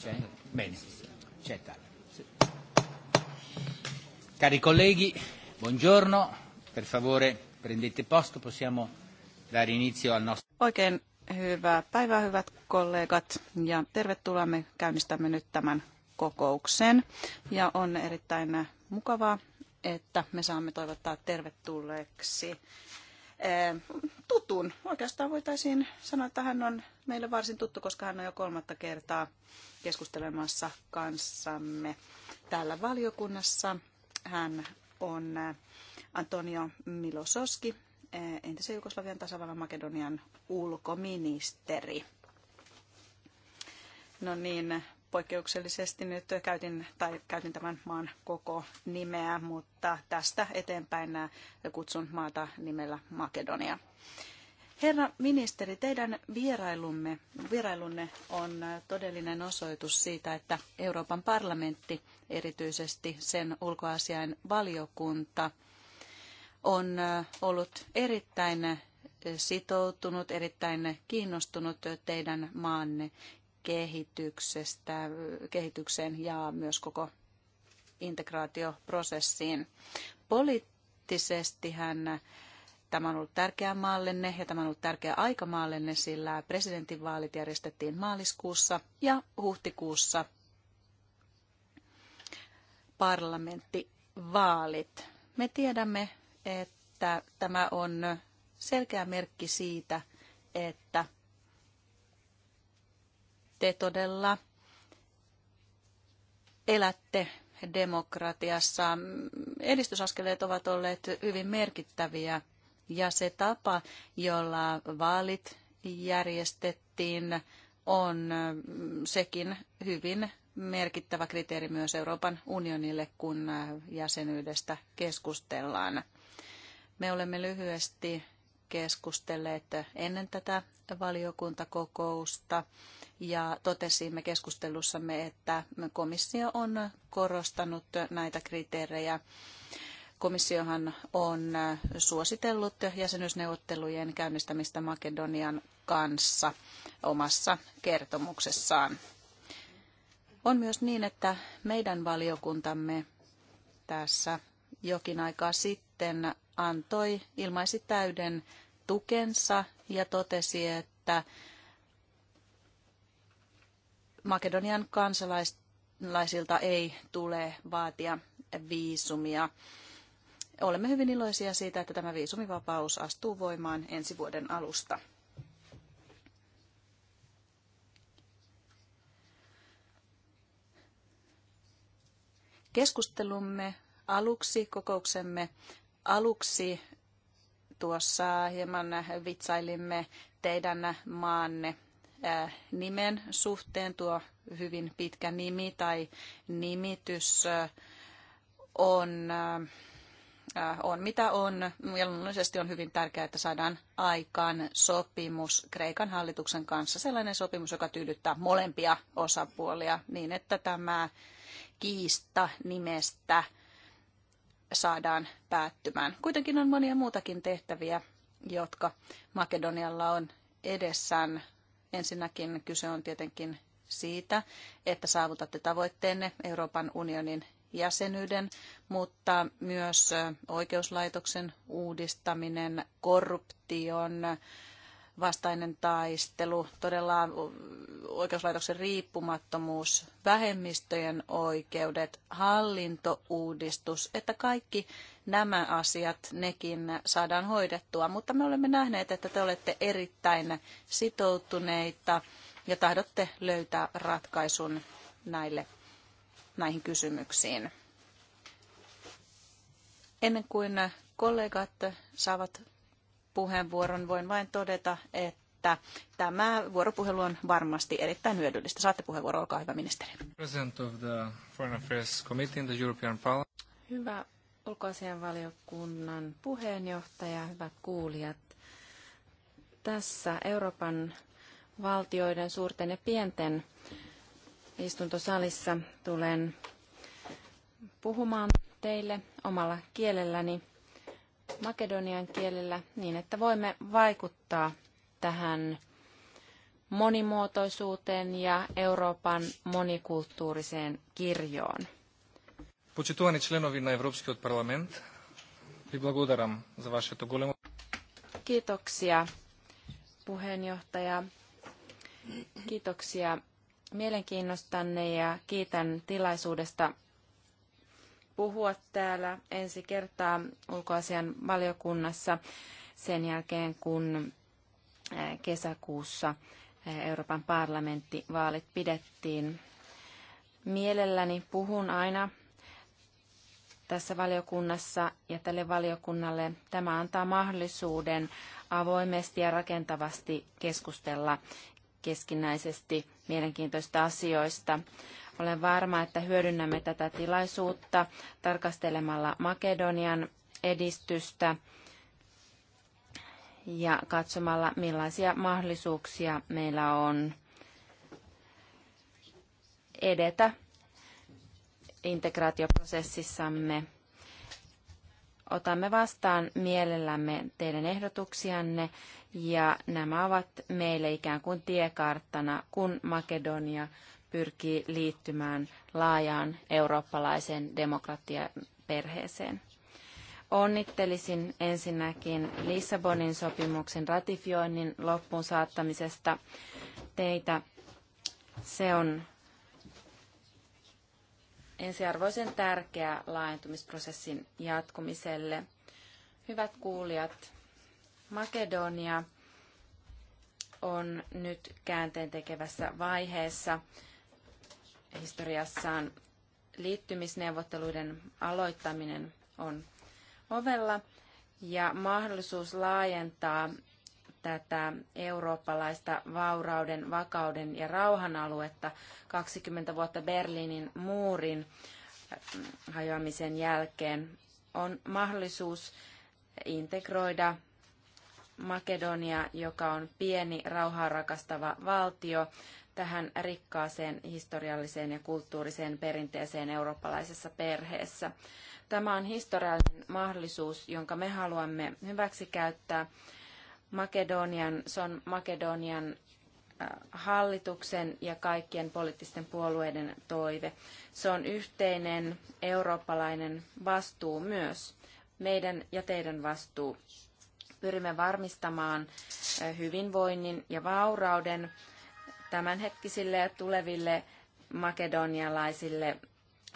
C'è? Bene, c'è Cari colleghi, buongiorno. Per favore prendete posto, possiamo dare inizio al nostro... Oikein hyvää päivää, hyvät kollegat, ja tervetuloa. Me käynnistämme nyt tämän kokouksen. Ja on erittäin mukavaa, että me saamme toivottaa tervetulleeksi eh, tutun. Oikeastaan voitaisiin sanoa, että hän on meille varsin tuttu, koska hän on jo kolmatta kertaa keskustelemassa kanssamme täällä valiokunnassa. Hän on äh, Antonio Milososki, äh, entisen Jugoslavian tasavallan Makedonian ulkoministeri. No niin, poikkeuksellisesti nyt käytin, tai käytin tämän maan koko nimeä, mutta tästä eteenpäin äh, kutsun maata nimellä Makedonia. Herra ministeri, teidän vierailumme, vierailunne on todellinen osoitus siitä, että Euroopan parlamentti, erityisesti sen ulkoasiain valiokunta, on ollut erittäin sitoutunut, erittäin kiinnostunut teidän maanne kehityksestä, kehitykseen ja myös koko integraatioprosessiin. Poliittisesti hän Tämä on ollut tärkeä maallenne ja tämä on ollut tärkeä aika maallenne, sillä presidentinvaalit järjestettiin maaliskuussa ja huhtikuussa parlamenttivaalit. Me tiedämme, että tämä on selkeä merkki siitä, että te todella elätte demokratiassa. Edistysaskeleet ovat olleet hyvin merkittäviä ja se tapa, jolla vaalit järjestettiin, on mm, sekin hyvin merkittävä kriteeri myös Euroopan unionille, kun äh, jäsenyydestä keskustellaan. Me olemme lyhyesti keskustelleet ennen tätä valiokuntakokousta ja totesimme keskustelussamme, että komissio on korostanut näitä kriteerejä Komissiohan on äh, suositellut jäsenyysneuvottelujen käynnistämistä Makedonian kanssa omassa kertomuksessaan. On myös niin, että meidän valiokuntamme tässä jokin aika sitten antoi, ilmaisi täyden tukensa ja totesi, että Makedonian kansalaisilta ei tule vaatia viisumia olemme hyvin iloisia siitä, että tämä viisumivapaus astuu voimaan ensi vuoden alusta. Keskustelumme aluksi, kokouksemme aluksi tuossa hieman vitsailimme teidän maanne äh, nimen suhteen. Tuo hyvin pitkä nimi tai nimitys äh, on äh, Äh, on mitä on. Ja luonnollisesti on hyvin tärkeää, että saadaan aikaan sopimus Kreikan hallituksen kanssa. Sellainen sopimus, joka tyydyttää molempia osapuolia niin, että tämä kiista nimestä saadaan päättymään. Kuitenkin on monia muutakin tehtäviä, jotka Makedonialla on edessään. Ensinnäkin kyse on tietenkin siitä, että saavutatte tavoitteenne Euroopan unionin jäsenyyden, mutta myös oikeuslaitoksen uudistaminen, korruption vastainen taistelu, todella oikeuslaitoksen riippumattomuus, vähemmistöjen oikeudet, hallintouudistus, että kaikki nämä asiat nekin saadaan hoidettua. Mutta me olemme nähneet, että te olette erittäin sitoutuneita ja tahdotte löytää ratkaisun näille näihin kysymyksiin. Ennen kuin kollegat saavat puheenvuoron, voin vain todeta, että tämä vuoropuhelu on varmasti erittäin hyödyllistä. Saatte puheenvuoro, olkaa hyvä ministeri. President of the Foreign Affairs Committee in the European Parliament. Hyvä ulkoasianvaliokunnan puheenjohtaja, hyvät kuulijat. Tässä Euroopan valtioiden suurten ja pienten istuntosalissa tulen puhumaan teille omalla kielelläni, makedonian kielellä, niin että voimme vaikuttaa tähän monimuotoisuuteen ja Euroopan monikulttuuriseen kirjoon. Почитувани членови на Европскиот парламент, ви благодарам за вашето големо... Kiitoksia, puheenjohtaja. Kiitoksia mielenkiinnostanne ja kiitän tilaisuudesta puhua täällä ensi kertaa ulkoasian valiokunnassa sen jälkeen, kun eh, kesäkuussa eh, Euroopan parlamenttivaalit pidettiin. Mielelläni puhun aina tässä valiokunnassa ja tälle valiokunnalle. Tämä antaa mahdollisuuden avoimesti ja rakentavasti keskustella keskinäisesti mielenkiintoista asioista. Olen varma, että hyödynnämme tätä tilaisuutta tarkastelemalla Makedonian edistystä ja katsomalla, millaisia mahdollisuuksia meillä on edetä integraatioprosessissamme Otamme vastaan mielellämme teidän ehdotuksianne ja nämä ovat meille ikään kuin tiekarttana, kun Makedonia pyrkii liittymään laajaan eurooppalaiseen demokratiaperheeseen. Onnittelisin ensinnäkin Lissabonin sopimuksen ratifioinnin loppuun saattamisesta teitä. Se on ensiarvoisen tärkeä laajentumisprosessin jatkumiselle. Hyvät kuulijat, Makedonia on nyt käänteen tekevässä vaiheessa historiassaan. Liittymisneuvotteluiden aloittaminen on ovella ja mahdollisuus laajentaa tätä eurooppalaista vaurauden, vakauden ja rauhan aluetta 20 vuotta Berliinin muurin hajoamisen jälkeen. On mahdollisuus integroida Makedonia, joka on pieni, rauhaa rakastava valtio, tähän rikkaaseen historialliseen ja kulttuuriseen perinteeseen eurooppalaisessa perheessä. Tämä on historiallinen mahdollisuus, jonka me haluamme käyttää. Makedonian, se on Makedonian äh, hallituksen ja kaikkien poliittisten puolueiden toive. Se on yhteinen eurooppalainen vastuu myös, meidän ja teidän vastuu. Pyrimme varmistamaan äh, hyvinvoinnin ja vaurauden tämänhetkisille ja tuleville makedonialaisille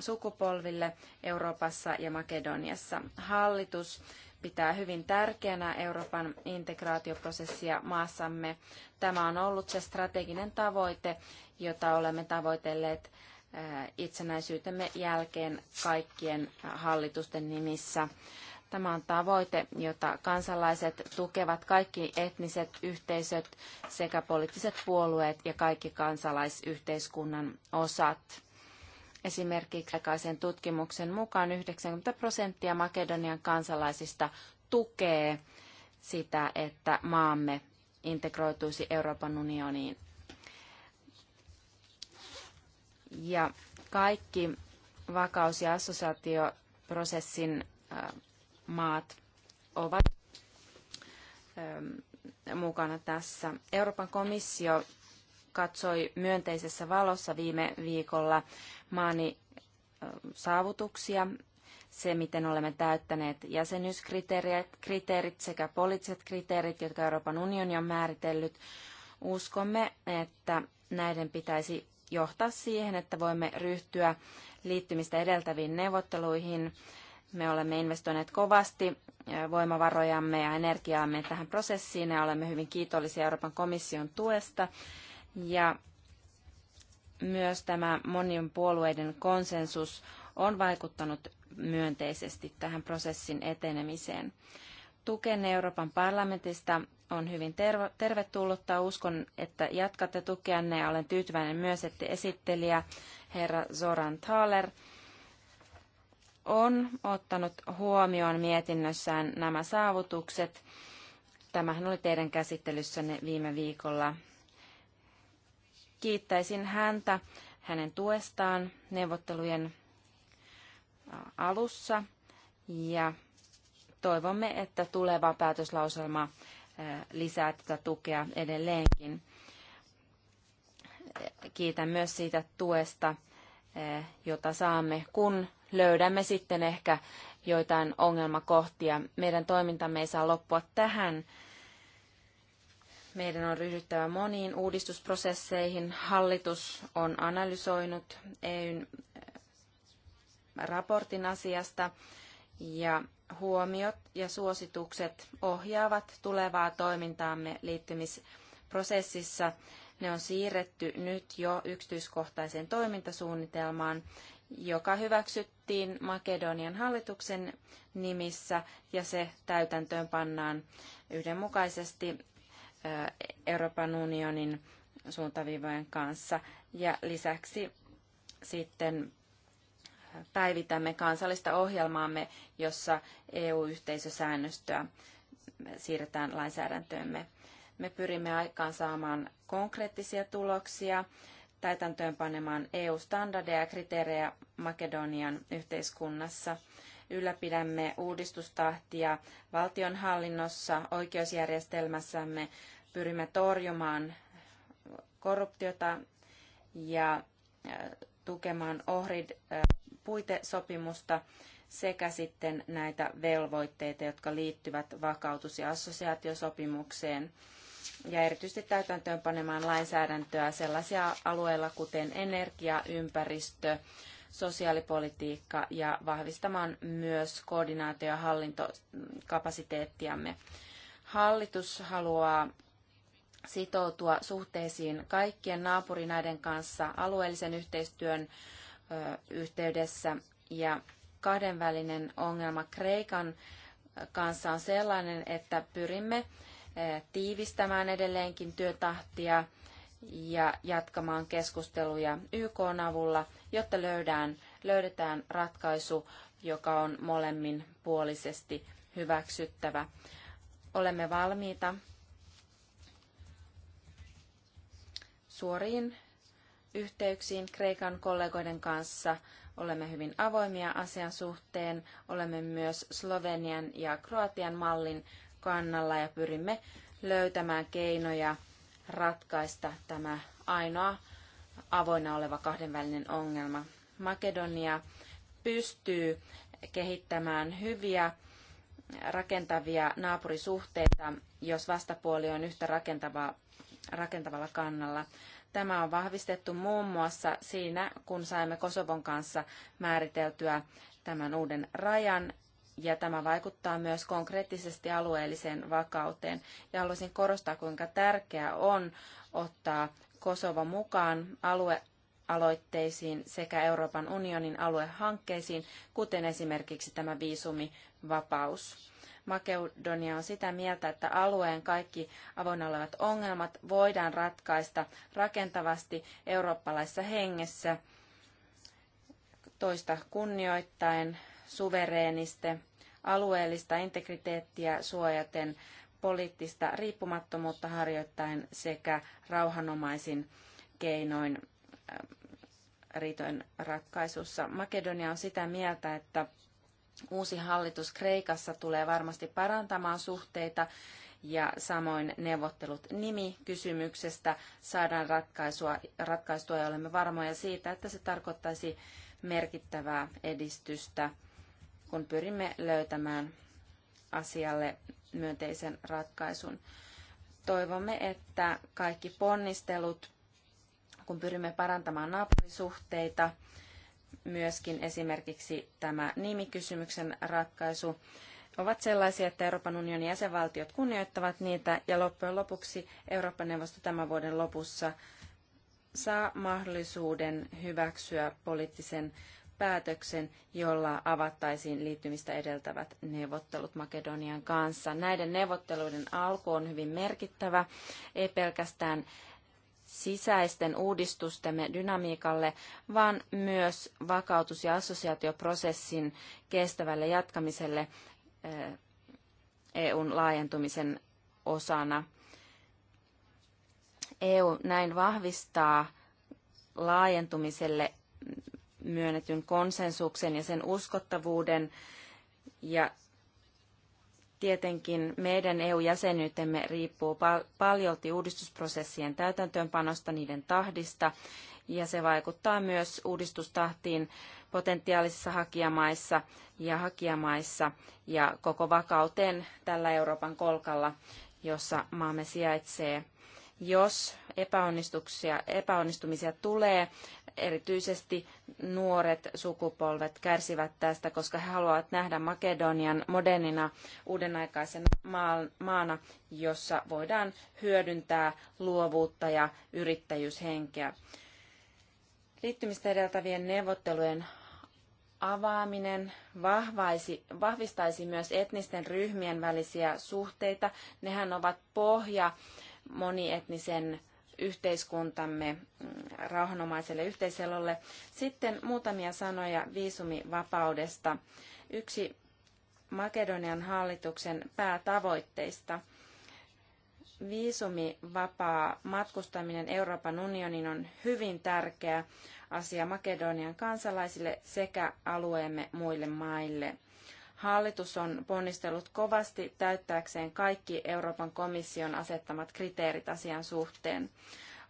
sukupolville Euroopassa ja Makedoniassa. Hallitus pitää hyvin tärkeänä Euroopan integraatioprosessia maassamme. Tämä on ollut se strateginen tavoite, jota olemme tavoitelleet eh, itsenäisyytemme jälkeen kaikkien hallitusten nimissä. Tämä on tavoite, jota kansalaiset tukevat kaikki etniset yhteisöt sekä poliittiset puolueet ja kaikki kansalaisyhteiskunnan osat. Esimerkiksi aikaisen tutkimuksen mukaan 90 prosenttia Makedonian kansalaisista tukee sitä, että maamme integroituisi Euroopan unioniin. Ja kaikki vakaus- ja assosiaatioprosessin maat ovat mukana tässä. Euroopan komissio katsoi myönteisessä valossa viime viikolla maani saavutuksia, se miten olemme täyttäneet jäsenyyskriteerit sekä poliittiset kriteerit, jotka Euroopan unioni on määritellyt. Uskomme, että näiden pitäisi johtaa siihen, että voimme ryhtyä liittymistä edeltäviin neuvotteluihin. Me olemme investoineet kovasti voimavarojamme ja energiaamme tähän prosessiin ja olemme hyvin kiitollisia Euroopan komission tuesta ja myös tämä monien puolueiden konsensus on vaikuttanut myönteisesti tähän prosessin etenemiseen. Tuken Euroopan parlamentista on hyvin tervetullutta. Uskon, että jatkatte tukeanne ja olen tyytyväinen myös, että esittelijä herra Zoran Thaler on ottanut huomioon mietinnössään nämä saavutukset. Tämähän oli teidän käsittelyssänne viime viikolla Kiittäisin häntä hänen tuestaan neuvottelujen alussa ja toivomme, että tuleva päätöslauselma lisää tätä tukea edelleenkin. Kiitän myös siitä tuesta, jota saamme, kun löydämme sitten ehkä joitain ongelmakohtia. Meidän toimintamme ei saa loppua tähän meidän on ryhdyttävä moniin uudistusprosesseihin. Hallitus on analysoinut EUn äh, raportin asiasta ja huomiot ja suositukset ohjaavat tulevaa toimintaamme liittymisprosessissa. Ne on siirretty nyt jo yksityiskohtaiseen toimintasuunnitelmaan, joka hyväksyttiin Makedonian hallituksen nimissä ja se täytäntöön pannaan yhdenmukaisesti Euroopan unionin suuntaviivojen kanssa. Ja lisäksi sitten päivitämme kansallista ohjelmaamme, jossa EU-yhteisösäännöstöä siirretään lainsäädäntöömme. Me pyrimme aikaan saamaan konkreettisia tuloksia, täytäntöönpanemaan EU-standardeja ja kriteerejä Makedonian yhteiskunnassa – ylläpidämme uudistustahtia valtionhallinnossa, oikeusjärjestelmässämme, pyrimme torjumaan korruptiota ja äh, tukemaan OHRID-puitesopimusta äh, sekä sitten näitä velvoitteita, jotka liittyvät vakautus- ja assosiaatiosopimukseen ja erityisesti täytäntöönpanemaan panemaan lainsäädäntöä sellaisia alueilla kuten energia, ympäristö, sosiaalipolitiikka ja vahvistamaan myös koordinaatio- ja hallintokapasiteettiamme. Hallitus haluaa sitoutua suhteisiin kaikkien naapurinaiden kanssa alueellisen yhteistyön yhteydessä ja kahdenvälinen ongelma Kreikan kanssa on sellainen, että pyrimme tiivistämään edelleenkin työtahtia ja jatkamaan keskusteluja YK avulla, jotta löydään, löydetään ratkaisu, joka on molemmin puolisesti hyväksyttävä. Olemme valmiita suoriin yhteyksiin Kreikan kollegoiden kanssa. Olemme hyvin avoimia asian suhteen. Olemme myös Slovenian ja Kroatian mallin kannalla ja pyrimme löytämään keinoja ratkaista tämä ainoa avoinna oleva kahdenvälinen ongelma. Makedonia pystyy kehittämään hyviä rakentavia naapurisuhteita, jos vastapuoli on yhtä rakentava, rakentavalla kannalla. Tämä on vahvistettu muun muassa siinä, kun saimme Kosovon kanssa määriteltyä tämän uuden rajan ja tämä vaikuttaa myös konkreettisesti alueelliseen vakauteen. Ja haluaisin korostaa, kuinka tärkeää on ottaa Kosova mukaan aluealoitteisiin sekä Euroopan unionin aluehankkeisiin, kuten esimerkiksi tämä viisumivapaus. Makedonia on sitä mieltä, että alueen kaikki avoinna olevat ongelmat voidaan ratkaista rakentavasti eurooppalaisessa hengessä toista kunnioittaen suvereeniste, alueellista integriteettiä suojaten, poliittista riippumattomuutta harjoittain sekä rauhanomaisin keinoin äh, riitojen ratkaisussa. Makedonia on sitä mieltä, että uusi hallitus Kreikassa tulee varmasti parantamaan suhteita ja samoin neuvottelut nimikysymyksestä saadaan ratkaisua, ratkaistua ja olemme varmoja siitä, että se tarkoittaisi merkittävää edistystä kun pyrimme löytämään asialle myönteisen ratkaisun. Toivomme, että kaikki ponnistelut, kun pyrimme parantamaan naapurisuhteita, myöskin esimerkiksi tämä nimikysymyksen ratkaisu, ovat sellaisia, että Euroopan unionin jäsenvaltiot kunnioittavat niitä ja loppujen lopuksi Euroopan neuvosto tämän vuoden lopussa saa mahdollisuuden hyväksyä poliittisen päätöksen, jolla avattaisiin liittymistä edeltävät neuvottelut Makedonian kanssa. Näiden neuvotteluiden alku on hyvin merkittävä, ei pelkästään sisäisten uudistustemme dynamiikalle, vaan myös vakautus- ja assosiaatioprosessin kestävälle jatkamiselle eh, EUn laajentumisen osana. EU näin vahvistaa laajentumiselle myönnetyn konsensuksen ja sen uskottavuuden. Ja tietenkin meidän EU-jäsenyytemme riippuu pal- paljolti uudistusprosessien täytäntöönpanosta, niiden tahdista, ja se vaikuttaa myös uudistustahtiin potentiaalisissa hakijamaissa ja hakijamaissa ja koko vakauteen tällä Euroopan kolkalla, jossa maamme sijaitsee. Jos epäonnistuksia, epäonnistumisia tulee, erityisesti nuoret sukupolvet kärsivät tästä, koska he haluavat nähdä Makedonian modernina uudenaikaisena maana, jossa voidaan hyödyntää luovuutta ja yrittäjyyshenkeä. Liittymistä edeltävien neuvottelujen avaaminen vahvaisi, vahvistaisi myös etnisten ryhmien välisiä suhteita. Nehän ovat pohja monietnisen yhteiskuntamme mm, rauhanomaiselle yhteiselolle. Sitten muutamia sanoja viisumivapaudesta. Yksi Makedonian hallituksen päätavoitteista. Viisumivapaa matkustaminen Euroopan unionin on hyvin tärkeä asia Makedonian kansalaisille sekä alueemme muille maille. Hallitus on ponnistellut kovasti täyttääkseen kaikki Euroopan komission asettamat kriteerit asian suhteen.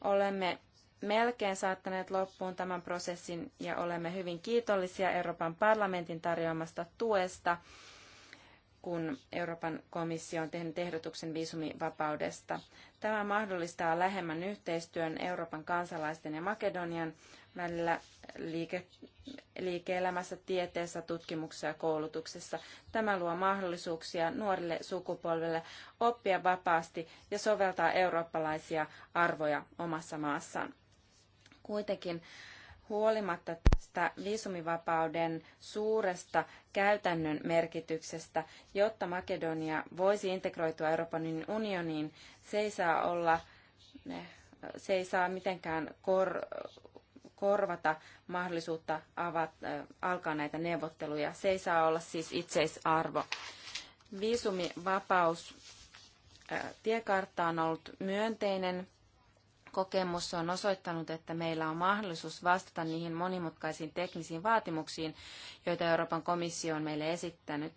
Olemme melkein saattaneet loppuun tämän prosessin ja olemme hyvin kiitollisia Euroopan parlamentin tarjoamasta tuesta kun Euroopan komissio on tehnyt ehdotuksen viisumivapaudesta. Tämä mahdollistaa lähemmän yhteistyön Euroopan kansalaisten ja Makedonian välillä liike, liike-elämässä, tieteessä, tutkimuksessa ja koulutuksessa. Tämä luo mahdollisuuksia nuorille sukupolville oppia vapaasti ja soveltaa eurooppalaisia arvoja omassa maassaan. Kuitenkin huolimatta tästä viisumivapauden suuresta käytännön merkityksestä, jotta Makedonia voisi integroitua Euroopan unioniin, se ei saa olla, se ei saa mitenkään kor, korvata mahdollisuutta avat, alkaa näitä neuvotteluja. Se ei saa olla siis itseisarvo. Viisumivapaus tiekartta on ollut myönteinen kokemus on osoittanut, että meillä on mahdollisuus vastata niihin monimutkaisiin teknisiin vaatimuksiin, joita Euroopan komissio on meille esittänyt.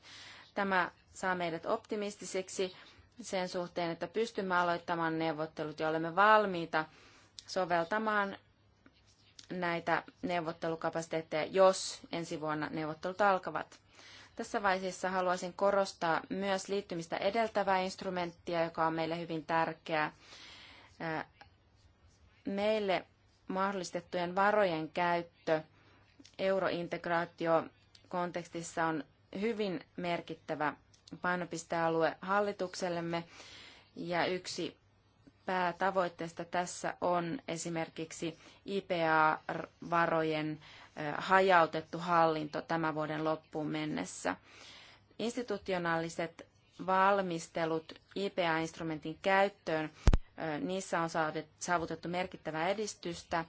Tämä saa meidät optimistiseksi sen suhteen, että pystymme aloittamaan neuvottelut ja olemme valmiita soveltamaan näitä neuvottelukapasiteetteja, jos ensi vuonna neuvottelut alkavat. Tässä vaiheessa haluaisin korostaa myös liittymistä edeltävää instrumenttia, joka on meille hyvin tärkeä Meille mahdollistettujen varojen käyttö eurointegraatio kontekstissa on hyvin merkittävä painopistealue hallituksellemme ja yksi päätavoitteista tässä on esimerkiksi IPA-varojen hajautettu hallinto tämän vuoden loppuun mennessä. Institutionaaliset valmistelut IPA-instrumentin käyttöön Niissä on saavutettu merkittävää edistystä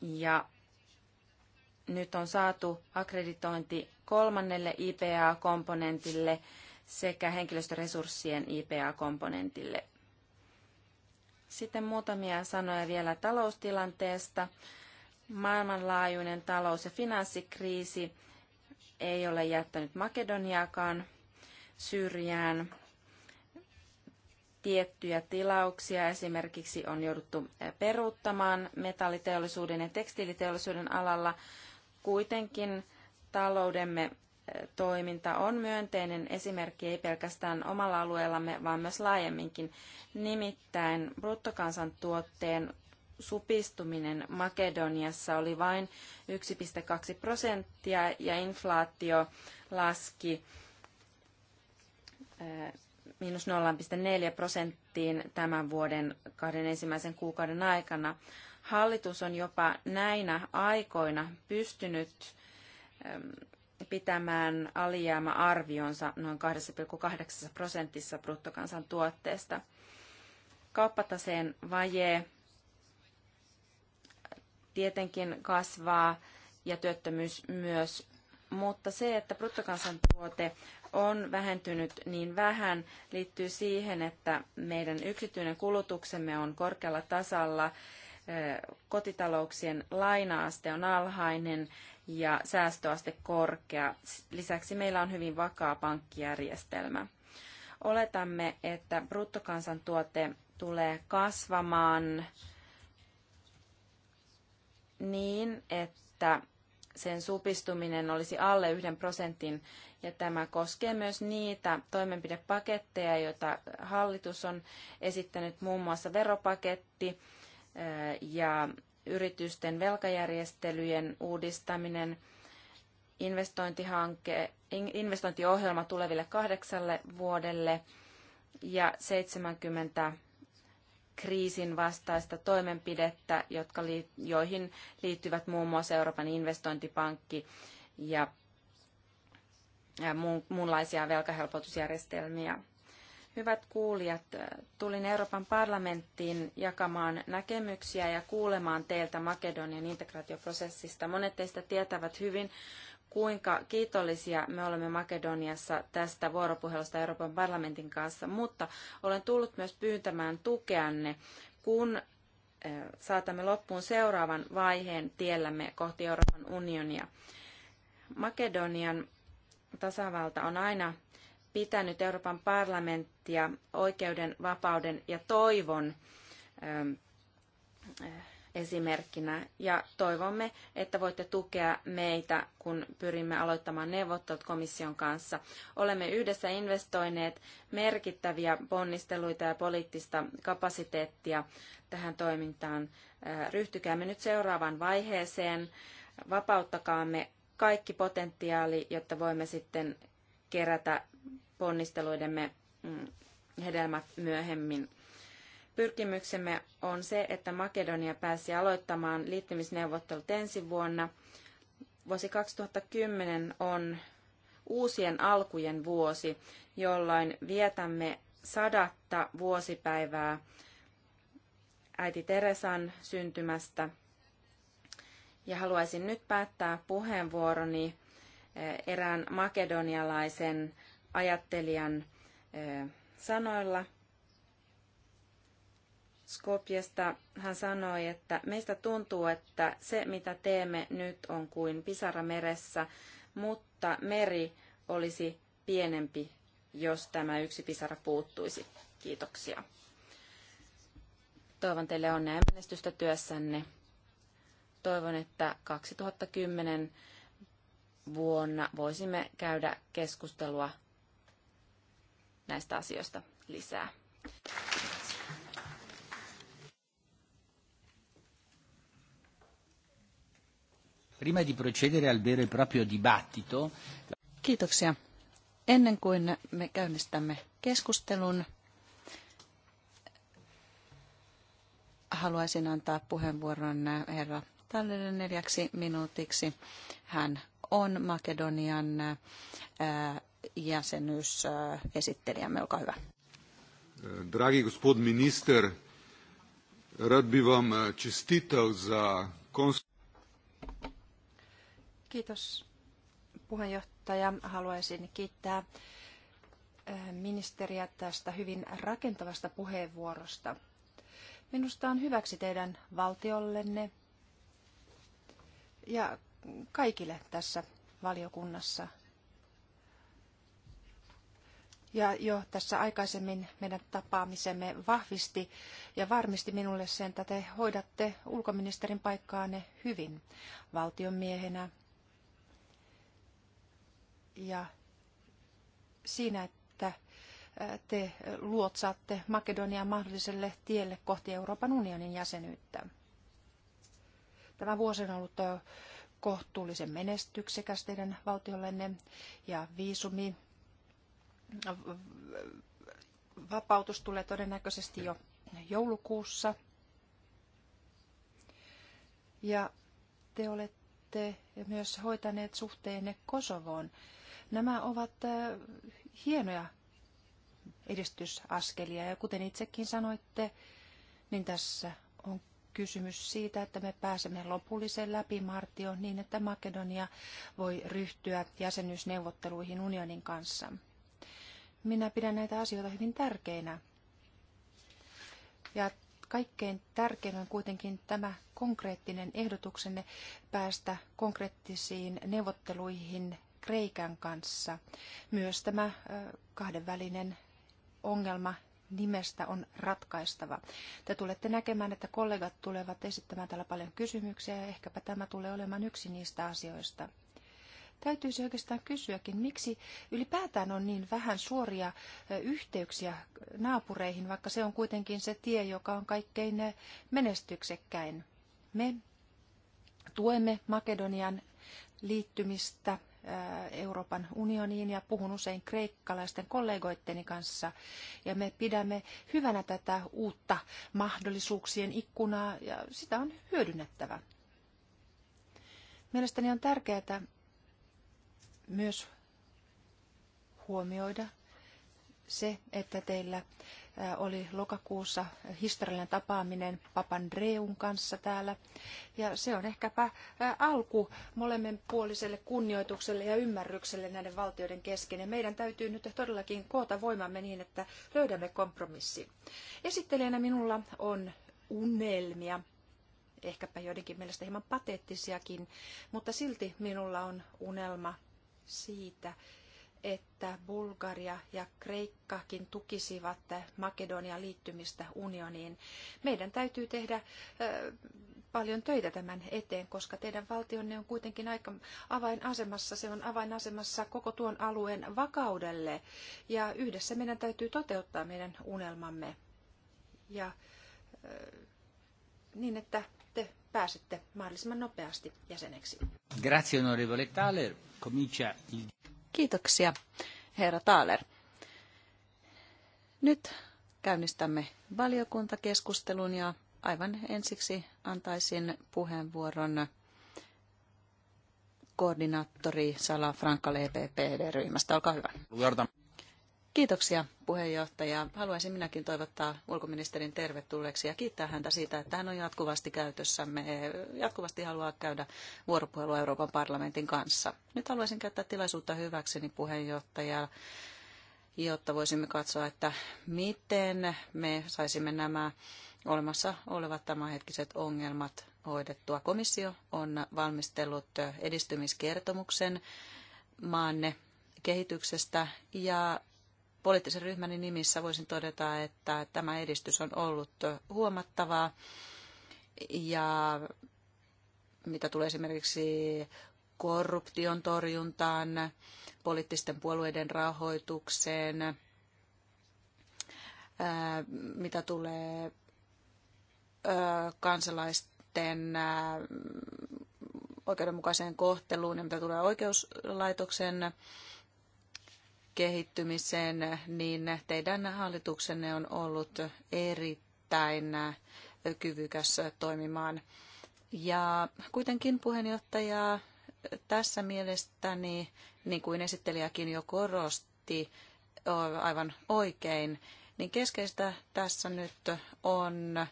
ja nyt on saatu akkreditointi kolmannelle IPA-komponentille sekä henkilöstöresurssien IPA-komponentille. Sitten muutamia sanoja vielä taloustilanteesta. Maailmanlaajuinen talous- ja finanssikriisi ei ole jättänyt Makedoniakaan, syrjään tiettyjä tilauksia. Esimerkiksi on jouduttu eh, peruuttamaan metalliteollisuuden ja tekstiiliteollisuuden alalla. Kuitenkin taloudemme eh, toiminta on myönteinen esimerkki ei pelkästään omalla alueellamme, vaan myös laajemminkin. Nimittäin bruttokansantuotteen supistuminen Makedoniassa oli vain 1,2 prosenttia ja inflaatio laski eh, miinus 0,4 prosenttiin tämän vuoden kahden ensimmäisen kuukauden aikana. Hallitus on jopa näinä aikoina pystynyt ähm, pitämään alijäämäarvionsa noin 2,8 prosentissa bruttokansantuotteesta. Kauppataseen vaje tietenkin kasvaa ja työttömyys myös, mutta se, että bruttokansantuote on vähentynyt niin vähän, liittyy siihen, että meidän yksityinen kulutuksemme on korkealla tasalla, kotitalouksien lainaaste on alhainen ja säästöaste korkea. Lisäksi meillä on hyvin vakaa pankkijärjestelmä. Oletamme, että bruttokansantuote tulee kasvamaan niin, että sen supistuminen olisi alle yhden prosentin ja tämä koskee myös niitä toimenpidepaketteja, joita hallitus on esittänyt, muun muassa veropaketti eh, ja yritysten velkajärjestelyjen uudistaminen, investointihanke, investointiohjelma tuleville kahdeksalle vuodelle ja 70 kriisin vastaista toimenpidettä, jotka joihin liittyvät muun muassa Euroopan investointipankki ja muunlaisia velkahelpotusjärjestelmiä. Hyvät kuulijat, tulin Euroopan parlamenttiin jakamaan näkemyksiä ja kuulemaan teiltä Makedonian integraatioprosessista. Monet teistä tietävät hyvin, kuinka kiitollisia me olemme Makedoniassa tästä vuoropuhelusta Euroopan parlamentin kanssa, mutta olen tullut myös pyytämään tukeanne, kun eh, saatamme loppuun seuraavan vaiheen tiellämme kohti Euroopan unionia. Makedonian tasavalta on aina pitänyt Euroopan parlamenttia oikeuden, vapauden ja toivon ähm, äh, esimerkkinä. Ja toivomme, että voitte tukea meitä, kun pyrimme aloittamaan neuvottelut komission kanssa. Olemme yhdessä investoineet merkittäviä ponnisteluita ja poliittista kapasiteettia tähän toimintaan. Äh, ryhtykäämme nyt seuraavaan vaiheeseen. vapauttakaamme kaikki potentiaali, jotta voimme sitten kerätä ponnisteluidemme mm, hedelmät myöhemmin. Pyrkimyksemme on se, että Makedonia pääsi aloittamaan liittymisneuvottelut ensi vuonna. Vuosi 2010 on uusien alkujen vuosi, jolloin vietämme sadatta vuosipäivää äiti Teresan syntymästä – ja haluaisin nyt päättää puheenvuoroni eh, erään makedonialaisen ajattelijan eh, sanoilla. Skopjesta hän sanoi, että meistä tuntuu, että se mitä teemme nyt on kuin pisara meressä, mutta meri olisi pienempi, jos tämä yksi pisara puuttuisi. Kiitoksia. Toivon teille onnea ja menestystä työssänne toivon, että 2010 vuonna voisimme käydä keskustelua näistä asioista lisää. Prima di procedere al vero e proprio dibattito. Kiitoksia. Ennen kuin me käynnistämme keskustelun, haluaisin antaa puheenvuoron eh, herra tälle neljäksi minuutiksi. Hän on Makedonian äh, jäsenyysesittelijämme. Äh, Olkaa hyvä. Dragi gospod minister, rad bi vam äh, čestitev za Kiitos puheenjohtaja. Haluaisin kiittää ministeriä tästä hyvin rakentavasta puheenvuorosta. Minusta on hyväksi teidän valtiollenne ja kaikille tässä valiokunnassa. Ja jo tässä aikaisemmin meidän tapaamisemme vahvisti ja varmisti minulle sen, että te hoidatte ulkoministerin paikkaanne hyvin valtionmiehenä. Ja siinä, että te luotsaatte Makedonian mahdolliselle tielle kohti Euroopan unionin jäsenyyttä. Tämä vuosi on ollut kohtuullisen menestyksekäs teidän valtiollenne ja viisumi vapautus tulee todennäköisesti jo joulukuussa. Ja te olette myös hoitaneet suhteenne Kosovoon. Nämä ovat hienoja edistysaskelia ja kuten itsekin sanoitte, niin tässä kysymys siitä, että me pääsemme lopulliseen läpimartioon niin, että Makedonia voi ryhtyä jäsenyysneuvotteluihin unionin kanssa. Minä pidän näitä asioita hyvin tärkeinä. Ja kaikkein tärkein on kuitenkin tämä konkreettinen ehdotuksenne päästä konkreettisiin neuvotteluihin Kreikan kanssa. Myös tämä kahdenvälinen ongelma nimestä on ratkaistava. Te tulette näkemään, että kollegat tulevat esittämään täällä paljon kysymyksiä ja ehkäpä tämä tulee olemaan yksi niistä asioista. Täytyisi oikeastaan kysyäkin, miksi ylipäätään on niin vähän suoria yhteyksiä naapureihin, vaikka se on kuitenkin se tie, joka on kaikkein menestyksekkäin. Me tuemme Makedonian liittymistä Euroopan unioniin ja puhun usein kreikkalaisten kollegoitteni kanssa. Ja me pidämme hyvänä tätä uutta mahdollisuuksien ikkunaa ja sitä on hyödynnettävä. Mielestäni on tärkeää myös huomioida se, että teillä äh, oli lokakuussa historiallinen tapaaminen Papandreun kanssa täällä. Ja se on ehkäpä äh, alku molemminpuoliselle kunnioitukselle ja ymmärrykselle näiden valtioiden kesken. Ja meidän täytyy nyt todellakin koota voimamme niin, että löydämme kompromissin. Esittelijänä minulla on unelmia ehkäpä joidenkin mielestä hieman pateettisiakin, mutta silti minulla on unelma siitä, että Bulgaria ja Kreikkakin tukisivat Makedonian liittymistä unioniin. Meidän täytyy tehdä paljon töitä tämän eteen, koska teidän valtionne on kuitenkin aika avainasemassa. Se on avainasemassa koko tuon alueen vakaudelle ja yhdessä meidän täytyy toteuttaa meidän unelmamme. Ja niin, että te pääsette mahdollisimman nopeasti jäseneksi. Grazie onorevole Thaler. Comincia il... Kiitoksia, herra Taaler. Nyt käynnistämme valiokuntakeskustelun ja aivan ensiksi antaisin puheenvuoron koordinaattori Sala Frankkalle EPPD-ryhmästä. Olkaa hyvä. Kiitoksia puheenjohtaja. Haluaisin minäkin toivottaa ulkoministerin tervetulleeksi ja kiittää häntä siitä, että hän on jatkuvasti käytössämme. Eh, jatkuvasti haluaa käydä vuoropuhelua Euroopan parlamentin kanssa. Nyt haluaisin käyttää tilaisuutta hyväkseni puheenjohtajaa jotta voisimme katsoa, että miten me saisimme nämä olemassa olevat tämänhetkiset ongelmat hoidettua. Komissio on valmistellut edistymiskertomuksen maanne kehityksestä ja poliittisen ryhmäni nimissä voisin todeta, että tämä edistys on ollut huomattavaa. Ja mitä tulee esimerkiksi korruption torjuntaan, poliittisten puolueiden rahoitukseen, mitä tulee kansalaisten oikeudenmukaiseen kohteluun ja mitä tulee oikeuslaitoksen kehittymiseen, niin teidän hallituksenne on ollut erittäin kyvykäs toimimaan. Ja kuitenkin puheenjohtaja tässä mielestäni, niin kuin esittelijäkin jo korosti aivan oikein, niin keskeistä tässä nyt on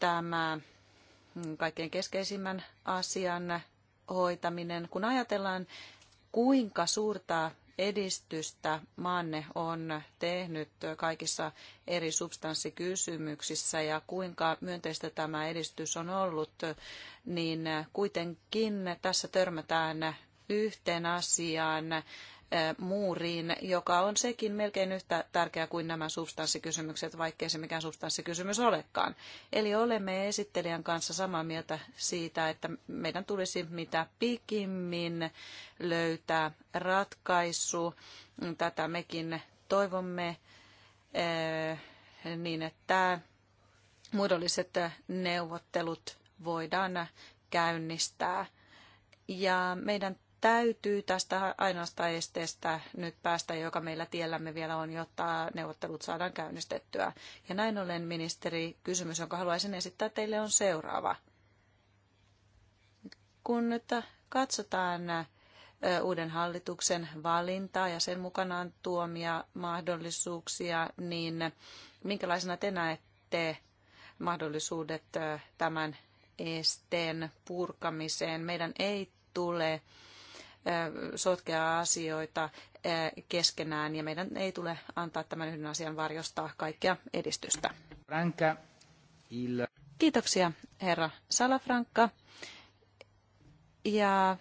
tämä kaikkein keskeisimmän asian hoitaminen. Kun ajatellaan, kuinka suurta edistystä maanne on tehnyt kaikissa eri substanssikysymyksissä ja kuinka myönteistä tämä edistys on ollut, niin kuitenkin tässä törmätään yhteen asiaan, Eh, muuriin, joka on sekin melkein yhtä tärkeä kuin nämä substanssikysymykset, vaikkei se mikään substanssikysymys olekaan. Eli olemme esittelijän kanssa samaa mieltä siitä, että meidän tulisi mitä pikimmin löytää ratkaisu. Tätä mekin toivomme eh, niin, että muodolliset neuvottelut voidaan käynnistää. Ja meidän täytyy tästä ainoasta esteestä nyt päästä, joka meillä tiellämme vielä on, jotta neuvottelut saadaan käynnistettyä. Ja näin ollen, ministeri, kysymys, jonka haluaisin esittää teille, on seuraava. Kun nyt katsotaan uuden hallituksen valintaa ja sen mukanaan tuomia mahdollisuuksia, niin minkälaisena te näette mahdollisuudet tämän esteen purkamiseen? Meidän ei tule sotkea asioita keskenään ja meidän ei tule antaa tämän yhden asian varjostaa kaikkea edistystä. Franca, Kiitoksia herra Salafranca. Ja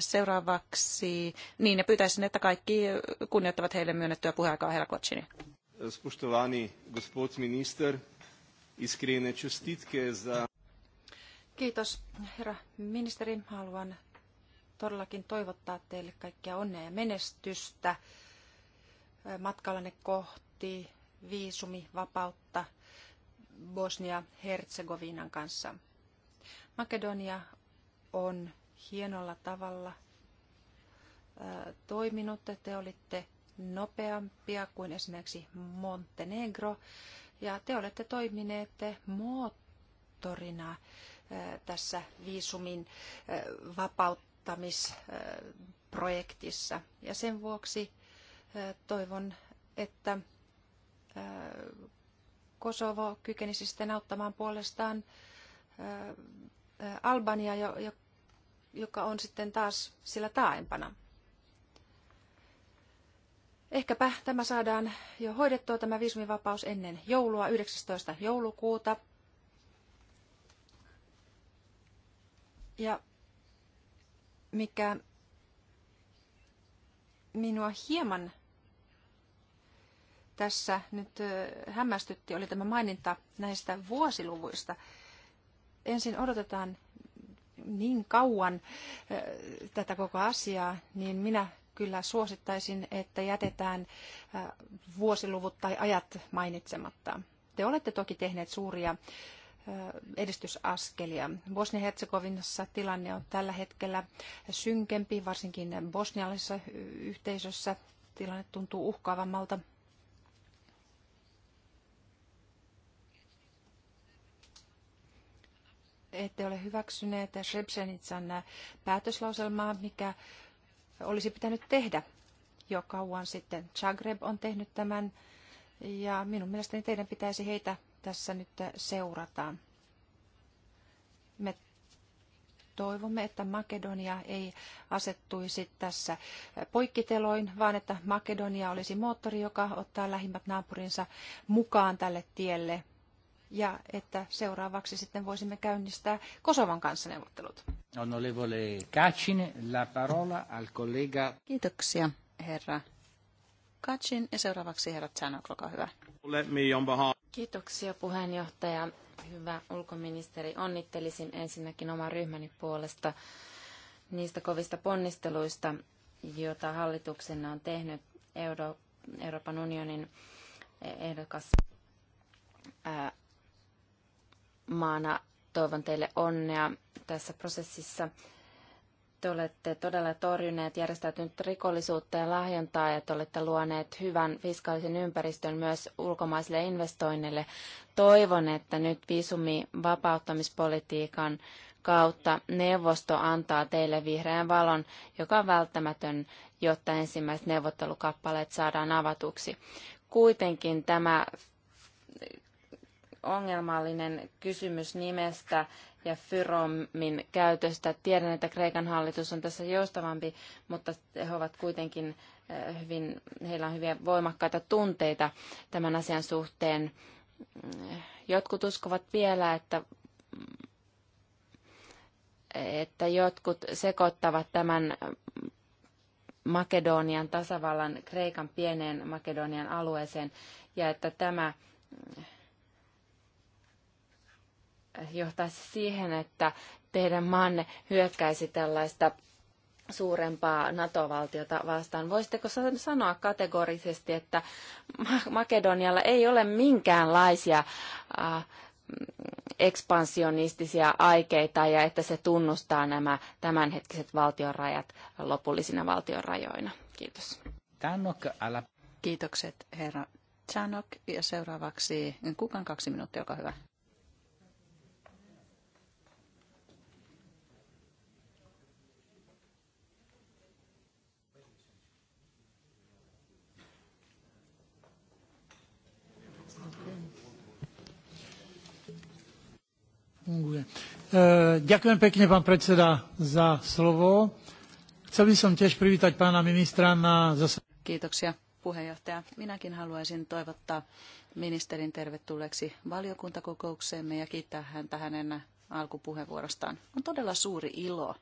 seuraavaksi, niin ja pyytäisin, että kaikki kunnioittavat heille myönnettyä puheaikaa herra Kocini. minister, iskrene za... Kiitos herra ministeri. Haluan todellakin toivottaa teille kaikkia onnea ja menestystä matkallanne kohti viisumivapautta Bosnia-Herzegovinan kanssa. Makedonia on hienolla tavalla toiminut. Te olitte nopeampia kuin esimerkiksi Montenegro ja te olette toimineet moottorina tässä viisumin vapautta auttamisprojektissa. Ja sen vuoksi toivon, että Kosovo kykenisi sitten auttamaan puolestaan Albania, joka on sitten taas sillä taaempana. Ehkäpä tämä saadaan jo hoidettua tämä viisumivapaus ennen joulua 19. joulukuuta. Ja mikä minua hieman tässä nyt hämmästytti, oli tämä maininta näistä vuosiluvuista. Ensin odotetaan niin kauan tätä koko asiaa, niin minä kyllä suosittaisin, että jätetään vuosiluvut tai ajat mainitsematta. Te olette toki tehneet suuria edistysaskelia. Bosnia-Herzegovinassa tilanne on tällä hetkellä synkempi, varsinkin bosnialaisessa yhteisössä tilanne tuntuu uhkaavammalta. Ette ole hyväksyneet Srebrenitsan päätöslauselmaa, mikä olisi pitänyt tehdä jo kauan sitten. Zagreb on tehnyt tämän ja minun mielestäni teidän pitäisi heitä tässä nyt seurataan. Me toivomme, että Makedonia ei asettuisi tässä poikkiteloin, vaan että Makedonia olisi moottori, joka ottaa lähimmät naapurinsa mukaan tälle tielle. Ja että seuraavaksi sitten voisimme käynnistää Kosovan kanssa neuvottelut. Kiitoksia, herra Kacin. Ja seuraavaksi herra Tsanok, olkaa hyvä. Let me on behalf Kiitoksia puheenjohtaja. Hyvä ulkoministeri, onnittelisin ensinnäkin oman ryhmäni puolesta niistä kovista ponnisteluista, joita hallituksenne on tehnyt Euro- Euroopan unionin ehdokas ää, maana. Toivon teille onnea tässä prosessissa te olette todella torjuneet järjestäytynyt rikollisuutta ja lahjontaa ja te olette luoneet hyvän fiskaalisen ympäristön myös ulkomaisille investoinneille. Toivon, että nyt vapauttamispolitiikan kautta neuvosto antaa teille vihreän valon, joka on välttämätön, jotta ensimmäiset neuvottelukappaleet saadaan avatuksi. Kuitenkin tämä ongelmallinen kysymys nimestä ja Fyromin käytöstä. Tiedän, että Kreikan hallitus on tässä joustavampi, mutta he ovat kuitenkin eh, hyvin, heillä on hyvin voimakkaita tunteita tämän asian suhteen. Eh, jotkut uskovat vielä, että että jotkut sekoittavat tämän Makedonian tasavallan Kreikan pieneen Makedonian alueeseen ja että tämä eh, johtaisi siihen, että teidän maanne hyökkäisi tällaista suurempaa NATO-valtiota vastaan. Voisitteko sanoa kategorisesti, että Makedonialla ei ole minkäänlaisia äh, ekspansionistisia aikeita ja että se tunnustaa nämä tämänhetkiset valtionrajat lopullisina valtionrajoina? Kiitos. Kiitokset, herra Chanok. Ja seuraavaksi Kukaan kaksi minuuttia, olkaa hyvä. funguje. E, ďakujem pekne, pán predseda, za slovo. Chcel by som tiež privítať pána ministra na Kiitoksia puheenjohtaja. Minäkin haluaisin toivottaa ministerin tervetulleeksi valiokuntakokoukseemme ja kiittää häntä hänen alkupuheenvuorostaan. On todella suuri ilo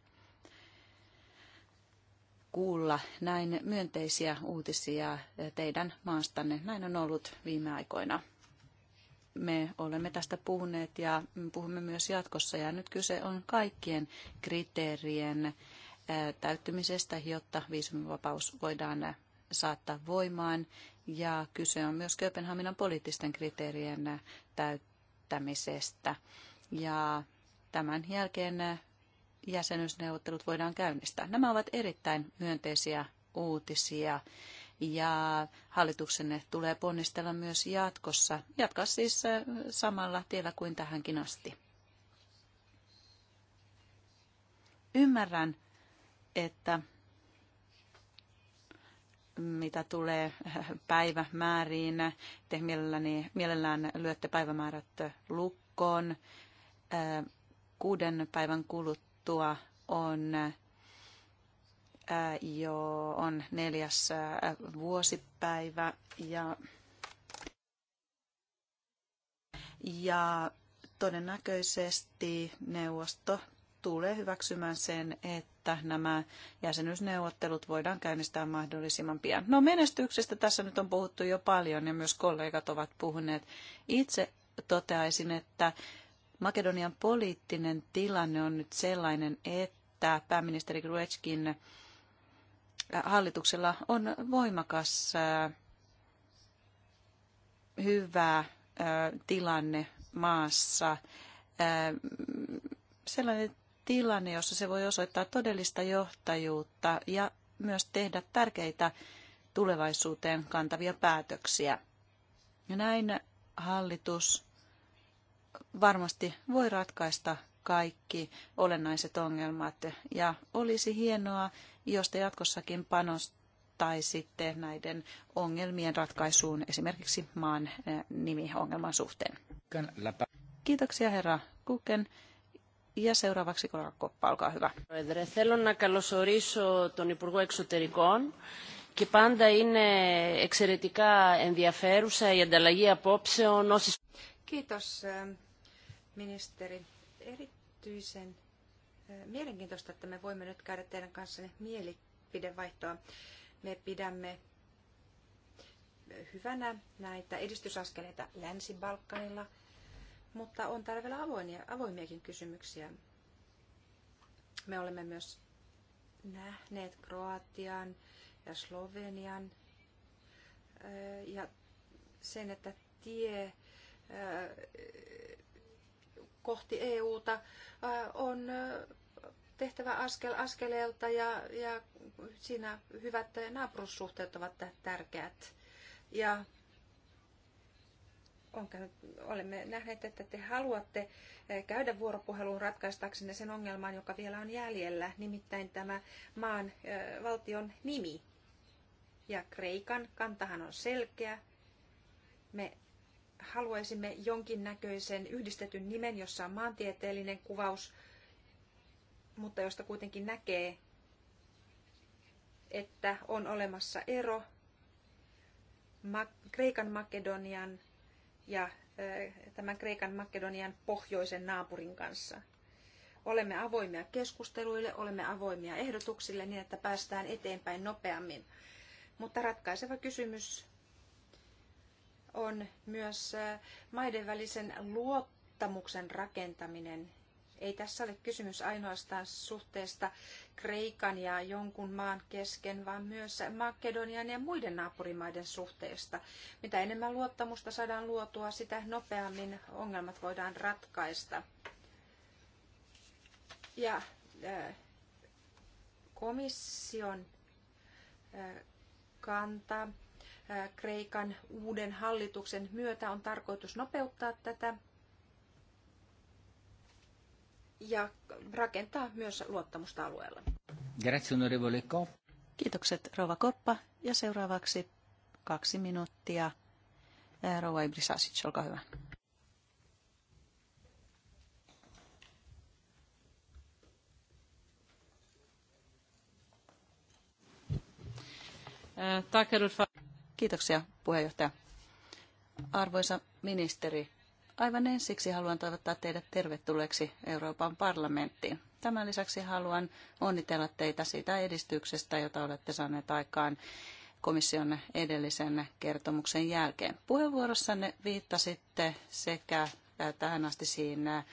kuulla näin myönteisiä uutisia teidän maastanne. Näin on ollut viime aikoina me olemme tästä puhuneet ja puhumme myös jatkossa. Ja nyt kyse on kaikkien kriteerien täyttymisestä, jotta viisumivapaus voidaan saattaa voimaan. Ja kyse on myös Kööpenhaminan poliittisten kriteerien täyttämisestä. Ja tämän jälkeen jäsenyysneuvottelut voidaan käynnistää. Nämä ovat erittäin myönteisiä uutisia ja hallituksenne tulee ponnistella myös jatkossa. Jatkaa siis äh, samalla tiellä kuin tähänkin asti. Ymmärrän, että mitä tulee äh, päivämääriin, te mielellään lyötte päivämäärät lukkoon. Äh, kuuden päivän kuluttua on jo on neljäs vuosipäivä ja, ja todennäköisesti neuvosto tulee hyväksymään sen, että nämä jäsenyysneuvottelut voidaan käynnistää mahdollisimman pian. No menestyksestä tässä nyt on puhuttu jo paljon ja myös kollegat ovat puhuneet. Itse toteaisin, että Makedonian poliittinen tilanne on nyt sellainen, että pääministeri Gruetskin hallituksella on voimakas hyvä tilanne maassa, sellainen tilanne, jossa se voi osoittaa todellista johtajuutta ja myös tehdä tärkeitä tulevaisuuteen kantavia päätöksiä. Ja näin hallitus varmasti voi ratkaista kaikki olennaiset ongelmat. Ja olisi hienoa, jos te jatkossakin panostaisitte näiden ongelmien ratkaisuun, esimerkiksi maan eh, nimiongelman suhteen. Kiitoksia herra Kuken. Ja seuraavaksi kollega Koppa, olkaa hyvä. Θέλω να καλωσορίσω τον Υπουργό Εξωτερικών και πάντα είναι εξαιρετικά ενδιαφέρουσα η ανταλλαγή απόψεων όσοι... Kiitos, ministeri erityisen mielenkiintoista, että me voimme nyt käydä teidän kanssanne mielipidevaihtoa. Me pidämme hyvänä näitä edistysaskeleita Länsi-Balkanilla, mutta on täällä vielä avoimia, avoimiakin kysymyksiä. Me olemme myös nähneet Kroatian ja Slovenian ja sen, että tie kohti EUta äh, on äh, tehtävä askel askeleelta ja, ja siinä hyvät naapurussuhteet ovat tärkeät. Ja on käynyt, olemme nähneet, että te haluatte äh, käydä vuoropuheluun ratkaistaksenne sen ongelman, joka vielä on jäljellä, nimittäin tämä maan valtion nimi. Ja Kreikan kantahan on selkeä. Me haluaisimme jonkinnäköisen yhdistetyn nimen, jossa on maantieteellinen kuvaus, mutta josta kuitenkin näkee, että on olemassa ero Kreikan Makedonian ja tämän Kreikan Makedonian pohjoisen naapurin kanssa. Olemme avoimia keskusteluille, olemme avoimia ehdotuksille niin, että päästään eteenpäin nopeammin. Mutta ratkaiseva kysymys on myös äh, maiden välisen luottamuksen rakentaminen. Ei tässä ole kysymys ainoastaan suhteesta Kreikan ja jonkun maan kesken, vaan myös Makedonian ja muiden naapurimaiden suhteesta. Mitä enemmän luottamusta saadaan luotua, sitä nopeammin ongelmat voidaan ratkaista. Ja äh, komission äh, kanta Kreikan uuden hallituksen myötä on tarkoitus nopeuttaa tätä ja rakentaa myös luottamusta alueella. Kiitokset, Rova Koppa. Ja seuraavaksi kaksi minuuttia. Rova Ibrisasic, olkaa hyvä. Tack, herr Kiitoksia puheenjohtaja. Arvoisa ministeri, aivan ensiksi haluan toivottaa teidät tervetulleeksi Euroopan parlamenttiin. Tämän lisäksi haluan onnitella teitä siitä edistyksestä, jota olette saaneet aikaan komission edellisen kertomuksen jälkeen. Puheenvuorossanne viittasitte sekä äh, tähän asti siinä äh,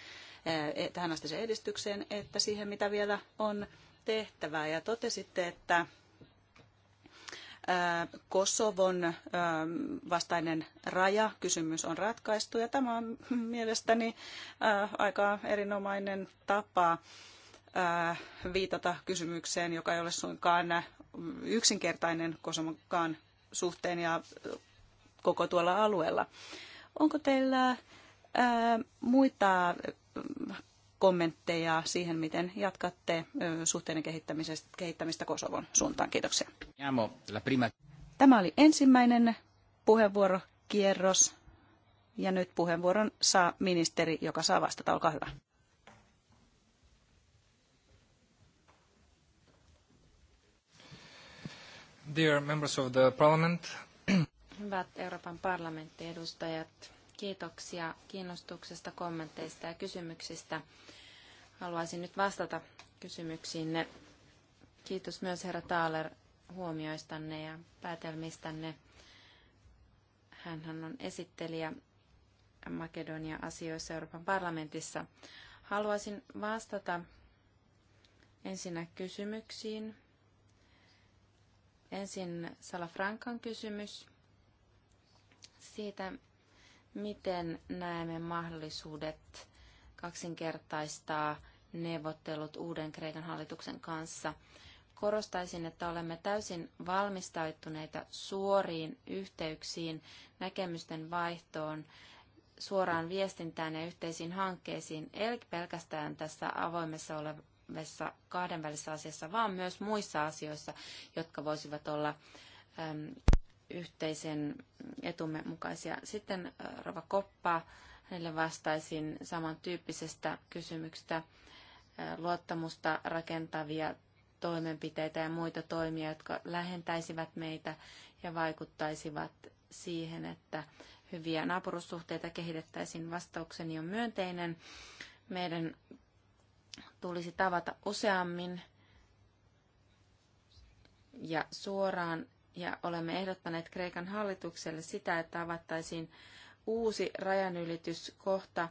e, tähän asti sen edistykseen, että siihen mitä vielä on tehtävää. Ja totesitte, että Kosovon vastainen raja. Kysymys on ratkaistu ja tämä on mielestäni aika erinomainen tapa viitata kysymykseen, joka ei ole suinkaan yksinkertainen Kosomonkaan suhteen ja koko tuolla alueella. Onko teillä muita kommentteja siihen, miten jatkatte suhteiden kehittämistä Kosovon suuntaan. Kiitoksia. Tämä oli ensimmäinen puheenvuorokierros ja nyt puheenvuoron saa ministeri, joka saa vastata. Olkaa hyvä. Dear members of the parliament. Hyvät Euroopan parlamentin edustajat, Kiitoksia kiinnostuksesta, kommenteista ja kysymyksistä. Haluaisin nyt vastata kysymyksiinne. Kiitos myös herra Taaler huomioistanne ja päätelmistänne. Hänhän on esittelijä Makedonia-asioissa Euroopan parlamentissa. Haluaisin vastata ensinnä kysymyksiin. Ensin Salafrankan kysymys siitä, miten näemme mahdollisuudet kaksinkertaistaa neuvottelut uuden Kreikan hallituksen kanssa. Korostaisin, että olemme täysin valmistautuneita suoriin yhteyksiin, näkemysten vaihtoon, suoraan viestintään ja yhteisiin hankkeisiin, eli pelkästään tässä avoimessa olevassa kahdenvälisessä asiassa, vaan myös muissa asioissa, jotka voisivat olla yhteisen etumme mukaisia. Sitten Rova Koppa, hänelle vastaisin samantyyppisestä kysymyksestä luottamusta rakentavia toimenpiteitä ja muita toimia, jotka lähentäisivät meitä ja vaikuttaisivat siihen, että hyviä naapurussuhteita kehitettäisiin. Vastaukseni on myönteinen. Meidän tulisi tavata useammin ja suoraan ja olemme ehdottaneet Kreikan hallitukselle sitä, että avattaisiin uusi rajanylityskohta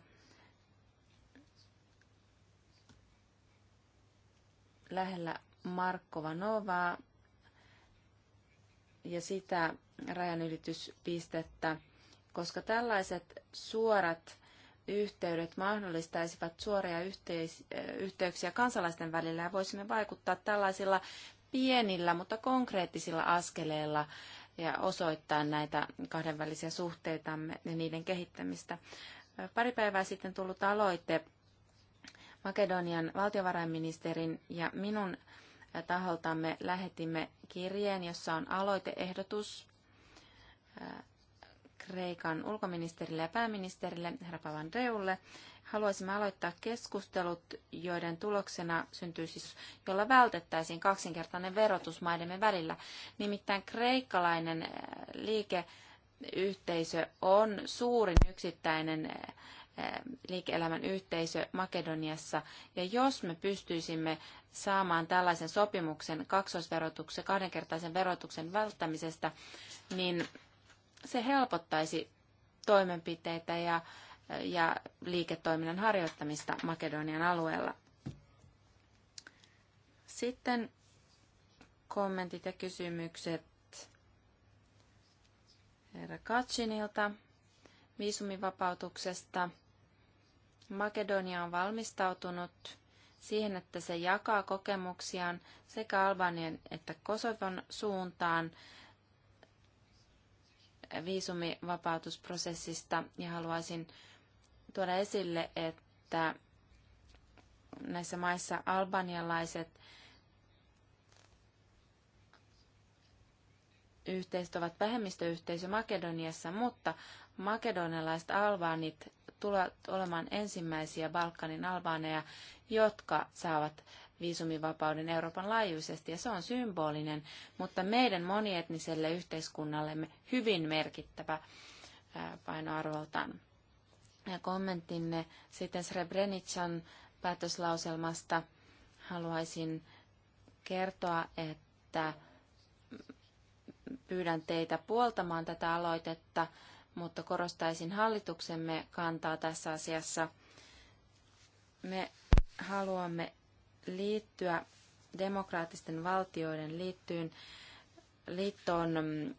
lähellä Markkova Novaa ja sitä rajanylityspistettä, koska tällaiset suorat yhteydet mahdollistaisivat suoria yhteis- yhteyksiä kansalaisten välillä ja voisimme vaikuttaa tällaisilla pienillä, mutta konkreettisilla askeleilla ja osoittaa näitä kahdenvälisiä suhteitamme ja niiden kehittämistä. Pari päivää sitten tullut aloite Makedonian valtiovarainministerin ja minun taholtamme lähetimme kirjeen, jossa on aloiteehdotus äh, Kreikan ulkoministerille ja pääministerille, herra Reulle. Haluaisimme aloittaa keskustelut, joiden tuloksena syntyy siis, jolla vältettäisiin kaksinkertainen verotus maidemme välillä. Nimittäin kreikkalainen äh, liikeyhteisö on suurin yksittäinen äh, liike-elämän yhteisö Makedoniassa. Ja jos me pystyisimme saamaan tällaisen sopimuksen kaksoisverotuksen, kahdenkertaisen verotuksen välttämisestä, niin se helpottaisi toimenpiteitä ja ja liiketoiminnan harjoittamista Makedonian alueella. Sitten kommentit ja kysymykset herra Katsinilta viisumivapautuksesta. Makedonia on valmistautunut siihen, että se jakaa kokemuksiaan sekä Albanian että Kosovon suuntaan viisumivapautusprosessista ja haluaisin tuoda esille, että näissä maissa albanialaiset yhteisöt ovat vähemmistöyhteisö Makedoniassa, mutta makedonialaiset albaanit tulevat olemaan ensimmäisiä Balkanin albaaneja, jotka saavat viisumivapauden Euroopan laajuisesti, ja se on symbolinen, mutta meidän monietniselle yhteiskunnallemme hyvin merkittävä painoarvoltaan ja kommenttinne sitten Srebrenican päätöslauselmasta. Haluaisin kertoa, että pyydän teitä puoltamaan tätä aloitetta, mutta korostaisin hallituksemme kantaa tässä asiassa. Me haluamme liittyä demokraattisten valtioiden liittyyn, liittoon mm,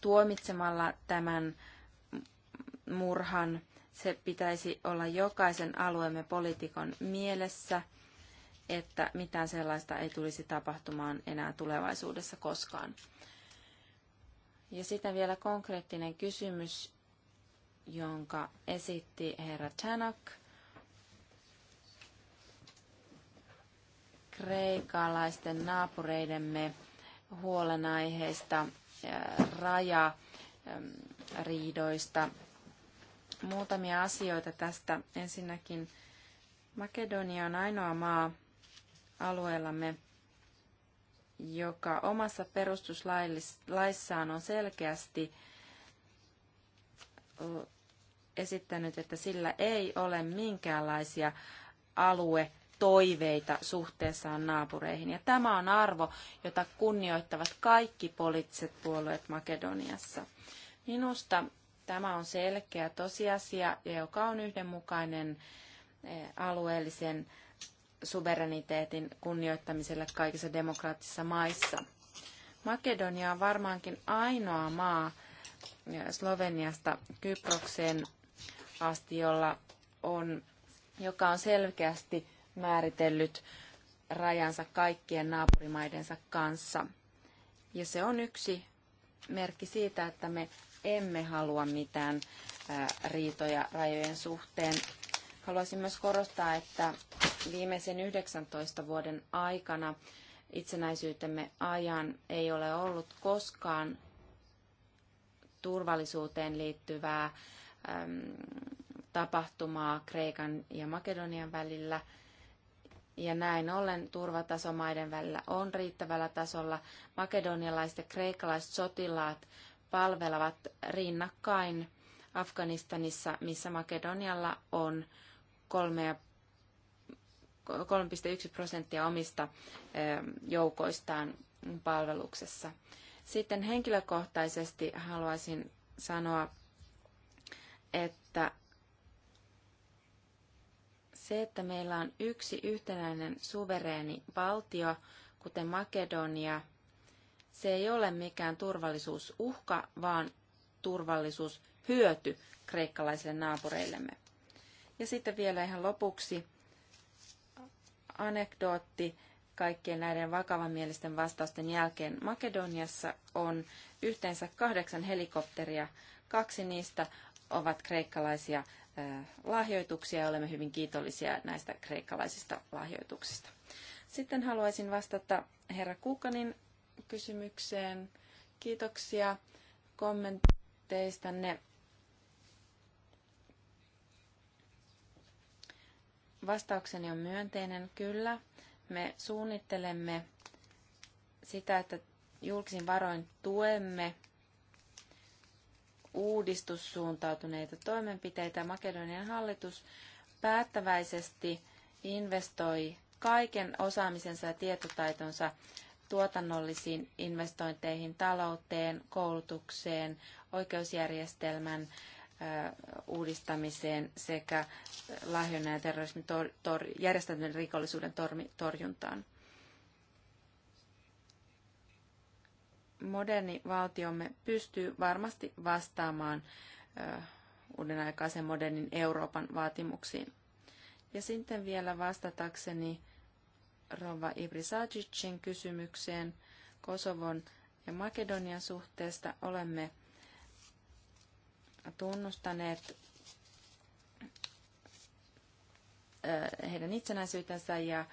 tuomitsemalla tämän murhan. Se pitäisi olla jokaisen alueemme poliitikon mielessä, että mitään sellaista ei tulisi tapahtumaan enää tulevaisuudessa koskaan. Ja sitten vielä konkreettinen kysymys, jonka esitti herra Tanak. kreikalaisten naapureidemme huolenaiheista, rajariidoista Muutamia asioita tästä. Ensinnäkin Makedonia on ainoa maa alueellamme, joka omassa perustuslaissaan on selkeästi esittänyt, että sillä ei ole minkäänlaisia alue toiveita suhteessaan naapureihin. Ja tämä on arvo, jota kunnioittavat kaikki poliittiset puolueet Makedoniassa. Minusta Tämä on selkeä tosiasia, joka on yhdenmukainen eh, alueellisen suvereniteetin kunnioittamiselle kaikissa demokraattisissa maissa. Makedonia on varmaankin ainoa maa eh, Sloveniasta Kyprokseen asti, jolla on, joka on selkeästi määritellyt rajansa kaikkien naapurimaidensa kanssa. Ja se on yksi merkki siitä, että me emme halua mitään riitoja rajojen suhteen. Haluaisin myös korostaa, että viimeisen 19 vuoden aikana itsenäisyytemme ajan ei ole ollut koskaan turvallisuuteen liittyvää tapahtumaa Kreikan ja Makedonian välillä. Ja näin ollen turvataso maiden välillä on riittävällä tasolla. Makedonialaiset ja kreikkalaiset sotilaat palvelevat rinnakkain Afganistanissa, missä Makedonialla on 3,1 prosenttia omista joukoistaan palveluksessa. Sitten henkilökohtaisesti haluaisin sanoa, että se, että meillä on yksi yhtenäinen suvereeni valtio, kuten Makedonia – se ei ole mikään turvallisuusuhka, vaan turvallisuushyöty kreikkalaisille naapureillemme. Ja sitten vielä ihan lopuksi anekdootti kaikkien näiden vakavamielisten vastausten jälkeen Makedoniassa on yhteensä kahdeksan helikopteria. Kaksi niistä ovat kreikkalaisia lahjoituksia ja olemme hyvin kiitollisia näistä kreikkalaisista lahjoituksista. Sitten haluaisin vastata herra Kuukanin kysymykseen. Kiitoksia kommentteistanne. Vastaukseni on myönteinen, kyllä. Me suunnittelemme sitä, että julkisin varoin tuemme uudistussuuntautuneita toimenpiteitä. Makedonian hallitus päättäväisesti investoi kaiken osaamisensa ja tietotaitonsa tuotannollisiin investointeihin, talouteen, koulutukseen, oikeusjärjestelmän uudistamiseen sekä lahjonnan ja terrorismin tor- tor- järjestäytyneen rikollisuuden torjuntaan. Moderni valtiomme pystyy varmasti vastaamaan ö, uuden aikaisen modernin Euroopan vaatimuksiin. Ja sitten vielä vastatakseni Rova Ibrisagicin kysymykseen Kosovon ja Makedonian suhteesta olemme tunnustaneet heidän itsenäisyytensä ja,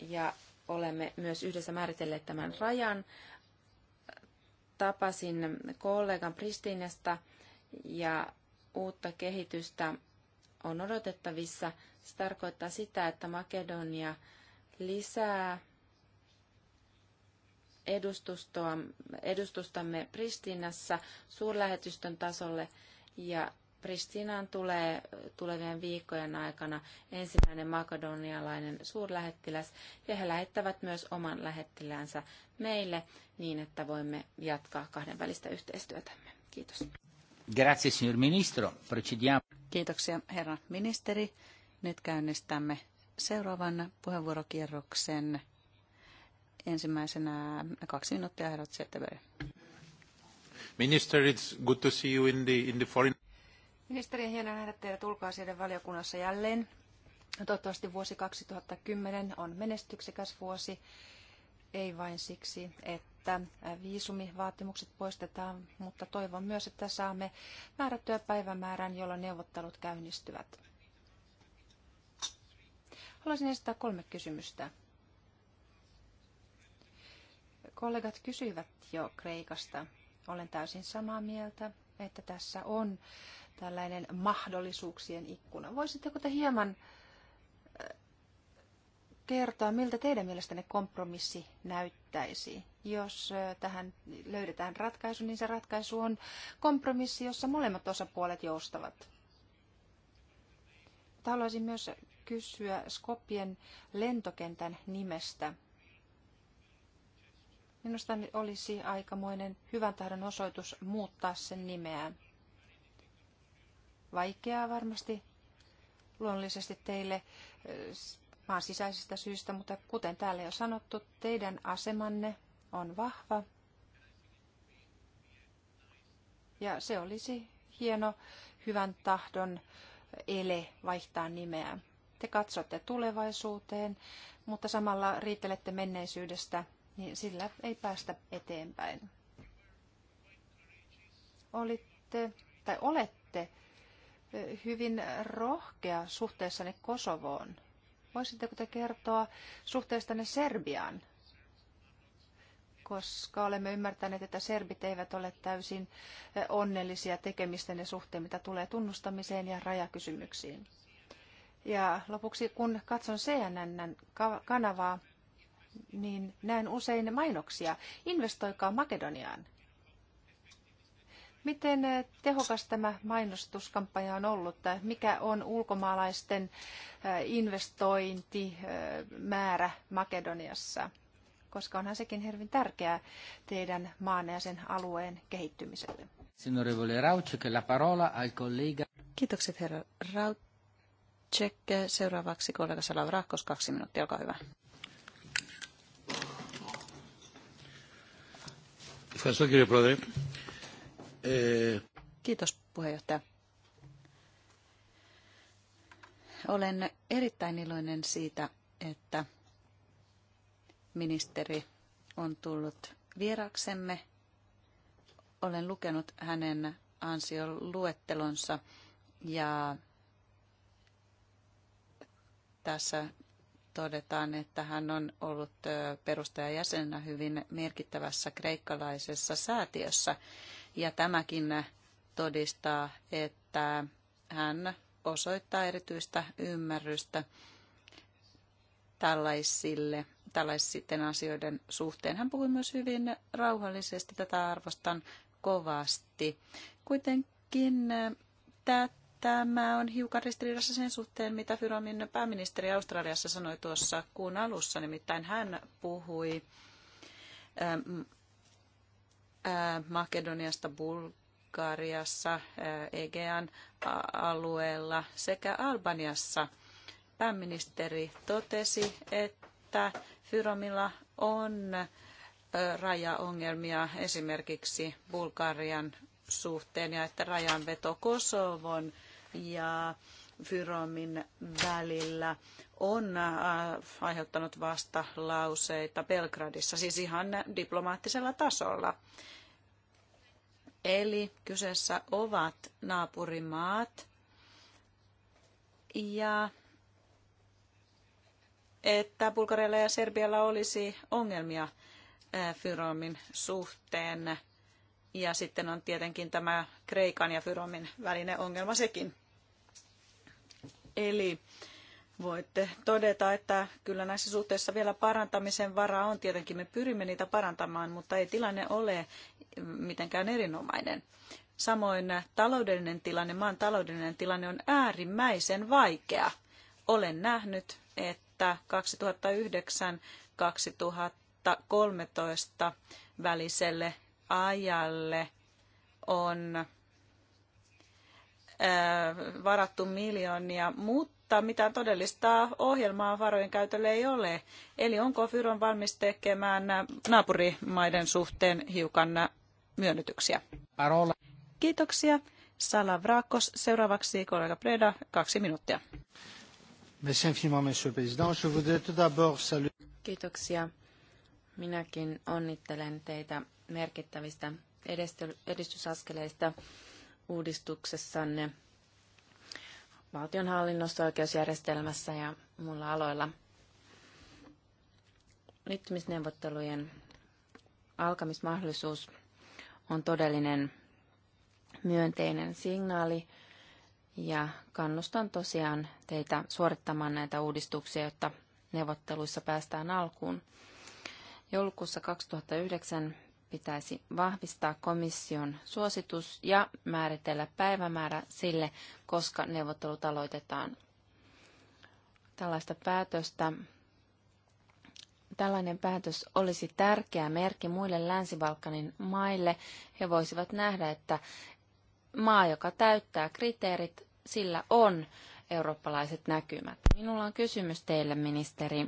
ja olemme myös yhdessä määritelleet tämän rajan. Tapasin kollegan Pristinasta ja uutta kehitystä on odotettavissa. Se tarkoittaa sitä, että Makedonia lisää edustustamme Pristinassa suurlähetystön tasolle ja Pristinaan tulee tulevien viikkojen aikana ensimmäinen makedonialainen suurlähettiläs ja he lähettävät myös oman lähettiläänsä meille niin, että voimme jatkaa kahdenvälistä yhteistyötämme. Kiitos. Grazie, signor ministro. Procediamo. Kiitoksia, herra ministeri. Nyt käynnistämme seuraavan puheenvuorokierroksen. Ensimmäisenä kaksi minuuttia, herrat Zetterberg. Minister, it's good to see you in the, in the foreign... Ministeri, hieno nähdä teidät ulkoasioiden valiokunnassa jälleen. Toivottavasti vuosi 2010 on menestyksekäs vuosi, ei vain siksi, että viisumivaatimukset poistetaan, mutta toivon myös, että saamme määrättyä päivämäärän, jolloin neuvottelut käynnistyvät. Haluaisin esittää kolme kysymystä. Kollegat kysyivät jo Kreikasta. Olen täysin samaa mieltä, että tässä on tällainen mahdollisuuksien ikkuna. Voisitteko te hieman äh, kertoa, miltä teidän mielestänne kompromissi näyttäisi? Jos äh, tähän löydetään ratkaisu, niin se ratkaisu on kompromissi, jossa molemmat osapuolet joustavat. haluaisin myös kysyä Skopien lentokentän nimestä. Minusta olisi aikamoinen hyvän tahdon osoitus muuttaa sen nimeä. Vaikeaa varmasti luonnollisesti teille eh, maan sisäisistä syistä, mutta kuten täällä jo sanottu, teidän asemanne on vahva. Ja se olisi hieno hyvän tahdon ele vaihtaa nimeä te katsotte tulevaisuuteen, mutta samalla riitelette menneisyydestä, niin sillä ei päästä eteenpäin. Olitte, tai olette hyvin rohkea suhteessanne Kosovoon. Voisitteko te kertoa suhteestanne Serbiaan? Koska olemme ymmärtäneet, että serbit eivät ole täysin onnellisia tekemistenne suhteen, mitä tulee tunnustamiseen ja rajakysymyksiin. Ja lopuksi kun katson cnn kanavaa, niin näen usein mainoksia. Investoikaa Makedoniaan. Miten tehokas tämä mainostuskampanja on ollut? Mikä on ulkomaalaisten eh, investointimäärä Makedoniassa? Koska onhan sekin hervin tärkeää teidän maan ja sen alueen kehittymiselle. Kiitokset herra Raut. Lunacek. Seuraavaksi kollega Salavrakos, kaksi minuuttia, olkaa hyvä. Kiitos puheenjohtaja. Olen erittäin iloinen siitä, että ministeri on tullut vieraksemme. Olen lukenut hänen ansioluettelonsa ja tässä todetaan, että hän on ollut perustajajäsenenä hyvin merkittävässä kreikkalaisessa säätiössä. Ja tämäkin todistaa, että hän osoittaa erityistä ymmärrystä tällaisille, tällaisten asioiden suhteen. Hän puhui myös hyvin rauhallisesti, tätä arvostan kovasti. Kuitenkin tämä tämä on hiukan ristiriidassa sen suhteen, mitä Fyromin pääministeri Australiassa sanoi tuossa kuun alussa. Nimittäin hän puhui ää, ähm, äh, Makedoniasta, Bulgariassa, äh, Egean alueella sekä Albaniassa. Pääministeri totesi, että Fyromilla on äh, rajaongelmia esimerkiksi Bulgarian suhteen ja että rajanveto Kosovon ja Fyromin välillä on äh, aiheuttanut vastalauseita Belgradissa, siis ihan diplomaattisella tasolla. Eli kyseessä ovat naapurimaat ja että Bulgarialla ja Serbialla olisi ongelmia äh, Fyromin suhteen. Ja sitten on tietenkin tämä Kreikan ja Fyromin välinen ongelma sekin. Eli voitte todeta, että kyllä näissä suhteissa vielä parantamisen varaa on. Tietenkin me pyrimme niitä parantamaan, mutta ei tilanne ole mitenkään erinomainen. Samoin taloudellinen tilanne, maan taloudellinen tilanne on äärimmäisen vaikea. Olen nähnyt, että 2009-2013 väliselle ajalle on Äh, varattu miljoonia, mutta mitään todellista ohjelmaa varojen käytölle ei ole. Eli onko Fyron valmis tekemään naapurimaiden suhteen hiukan myönnytyksiä? Parola. Kiitoksia. Sala Vrakos. Seuraavaksi kollega Preda, kaksi minuuttia. monsieur le président. Je voudrais d'abord saluer... Kiitoksia. Minäkin onnittelen teitä merkittävistä edistysaskeleista uudistuksessanne valtionhallinnossa, oikeusjärjestelmässä ja muilla aloilla. Liittymisneuvottelujen alkamismahdollisuus on todellinen myönteinen signaali ja kannustan tosiaan teitä suorittamaan näitä uudistuksia, jotta neuvotteluissa päästään alkuun. Joulukuussa 2009 pitäisi vahvistaa komission suositus ja määritellä päivämäärä sille, koska neuvottelut aloitetaan. Tällaista päätöstä Tällainen päätös olisi tärkeä merkki muille Länsi-Balkanin maille. He voisivat nähdä, että maa, joka täyttää kriteerit, sillä on eurooppalaiset näkymät. Minulla on kysymys teille, ministeri.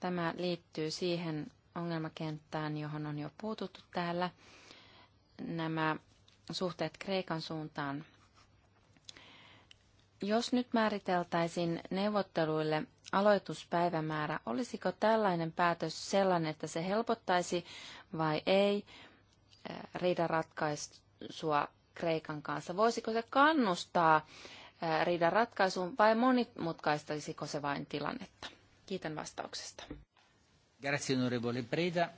Tämä liittyy siihen, ongelmakenttään, johon on jo puututtu täällä. Nämä suhteet Kreikan suuntaan. Jos nyt määriteltäisiin neuvotteluille aloituspäivämäärä, olisiko tällainen päätös sellainen, että se helpottaisi vai ei eh, riidan ratkaisua Kreikan kanssa? Voisiko se kannustaa eh, riidan ratkaisuun vai monimutkaistaisiko se vain tilannetta? Kiitän vastauksesta. Grazie, onorevole Preda.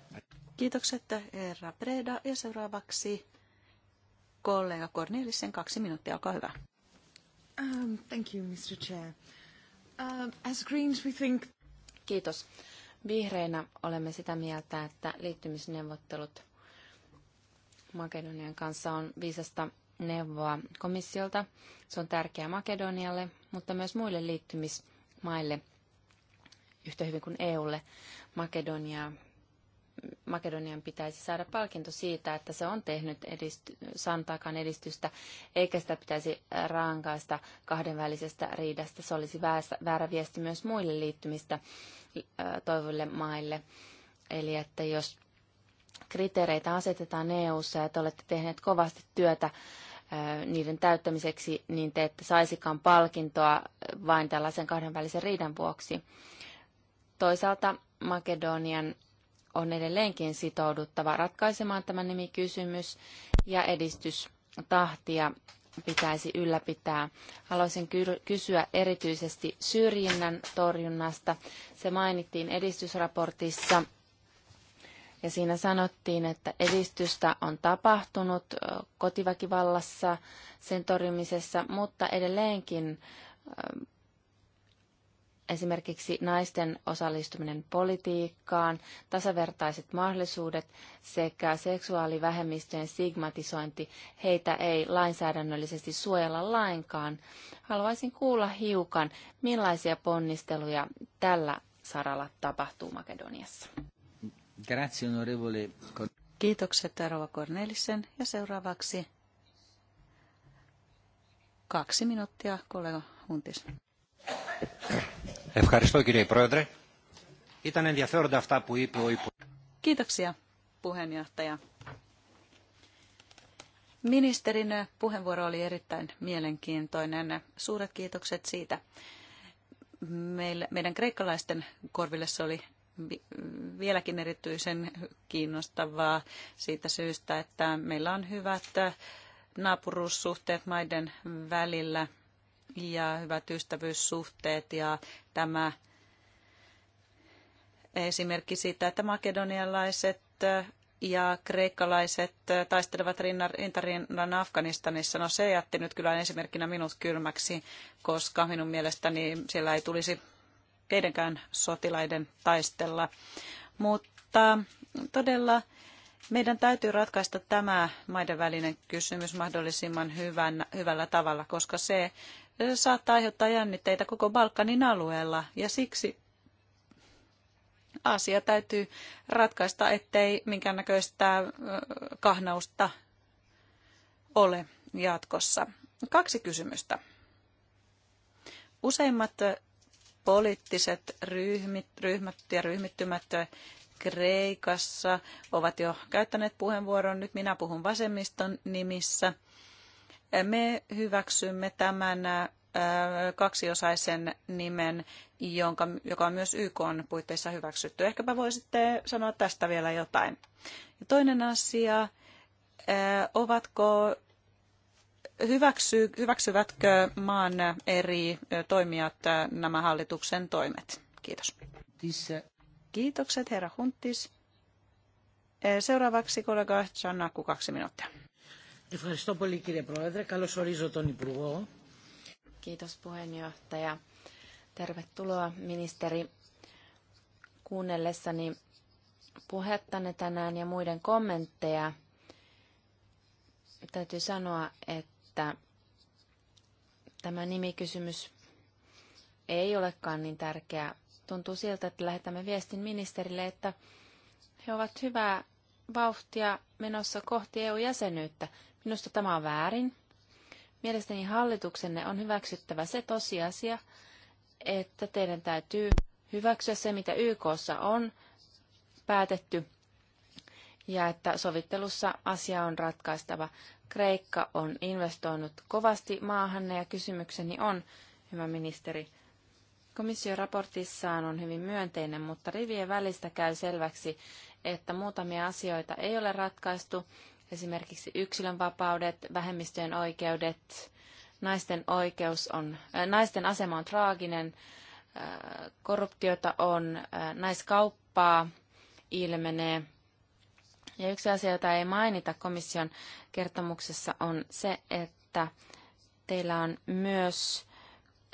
Kiitokset, herra Preda. Ja seuraavaksi kollega Cornelissen kaksi minuuttia, olkaa hyvä. Um, thank you, Mr. Chair. Um, as Greens we think... Kiitos. Vihreinä olemme sitä mieltä, että liittymisneuvottelut Makedonian kanssa on viisasta neuvoa komissiolta. Se on tärkeää Makedonialle, mutta myös muille liittymismaille – yhtä hyvin kuin EUlle. Makedonia, Makedonian pitäisi saada palkinto siitä, että se on tehnyt edisty, edistystä, eikä sitä pitäisi rankaista kahdenvälisestä riidasta. Se olisi väärä viesti myös muille liittymistä toivoville maille. Eli että jos kriteereitä asetetaan EU-ssa ja te olette tehneet kovasti työtä niiden täyttämiseksi, niin te ette saisikaan palkintoa vain tällaisen kahdenvälisen riidan vuoksi. Toisaalta Makedonian on edelleenkin sitouduttava ratkaisemaan tämä nimikysymys ja edistystahtia pitäisi ylläpitää. Haluaisin kysyä erityisesti syrjinnän torjunnasta. Se mainittiin edistysraportissa ja siinä sanottiin, että edistystä on tapahtunut kotiväkivallassa sen torjumisessa, mutta edelleenkin esimerkiksi naisten osallistuminen politiikkaan, tasavertaiset mahdollisuudet sekä seksuaalivähemmistöjen stigmatisointi, heitä ei lainsäädännöllisesti suojella lainkaan. Haluaisin kuulla hiukan, millaisia ponnisteluja tällä saralla tapahtuu Makedoniassa. Kiitokset Rova Cornelissen ja seuraavaksi kaksi minuuttia kollega Huntis. Ευχαριστώ κύριε Πρόεδρε. Ήταν ενδιαφέροντα αυτά που είπε ο Kiitoksia puheenjohtaja. Ministerin puheenvuoro oli erittäin mielenkiintoinen. Suuret kiitokset siitä. Meillä, meidän kreikkalaisten korville se oli vieläkin erityisen kiinnostavaa siitä syystä, että meillä on hyvät naapuruussuhteet maiden välillä ja hyvät ystävyyssuhteet ja tämä esimerkki siitä, että makedonialaiset ja kreikkalaiset taistelevat rintarinnan Afganistanissa. No se jätti nyt kyllä esimerkkinä minut kylmäksi, koska minun mielestäni siellä ei tulisi keidenkään sotilaiden taistella. Mutta todella meidän täytyy ratkaista tämä maiden välinen kysymys mahdollisimman hyvän, hyvällä tavalla, koska se saattaa aiheuttaa jännitteitä koko Balkanin alueella ja siksi asia täytyy ratkaista, ettei minkäännäköistä kahnausta ole jatkossa. Kaksi kysymystä. Useimmat poliittiset ryhmit, ryhmät ja ryhmittymät Kreikassa ovat jo käyttäneet puheenvuoron. Nyt minä puhun vasemmiston nimissä. Me hyväksymme tämän äh, kaksiosaisen nimen, jonka, joka on myös YK on puitteissa hyväksytty. Ehkäpä voisitte sanoa tästä vielä jotain. Ja toinen asia, äh, ovatko hyväksy, hyväksyvätkö maan eri toimijat äh, nämä hallituksen toimet? Kiitos. Kiitokset, herra Huntis. Seuraavaksi kollega Jannaku kaksi minuuttia. Ευχαριστώ πολύ κύριε Πρόεδρε. Καλώς ορίζω τον Υπουργό. Kiitos puheenjohtaja. Tervetuloa ministeri. Kuunnellessani puhettanne tänään ja muiden kommentteja täytyy sanoa, että tämä nimikysymys ei olekaan niin tärkeä. Tuntuu siltä, että lähetämme viestin ministerille, että he ovat hyvää vauhtia menossa kohti EU-jäsenyyttä. Minusta tämä on väärin. Mielestäni hallituksenne on hyväksyttävä se tosiasia, että teidän täytyy hyväksyä se, mitä YKssa on päätetty, ja että sovittelussa asia on ratkaistava. Kreikka on investoinut kovasti maahanne, ja kysymykseni on, hyvä ministeri, Komission raportissaan on hyvin myönteinen, mutta rivien välistä käy selväksi, että muutamia asioita ei ole ratkaistu Esimerkiksi yksilön vapaudet, vähemmistöjen oikeudet, naisten, oikeus on, äh, naisten asema on traaginen, äh, korruptiota on, äh, naiskauppaa ilmenee. Ja yksi asia, jota ei mainita komission kertomuksessa, on se, että teillä on myös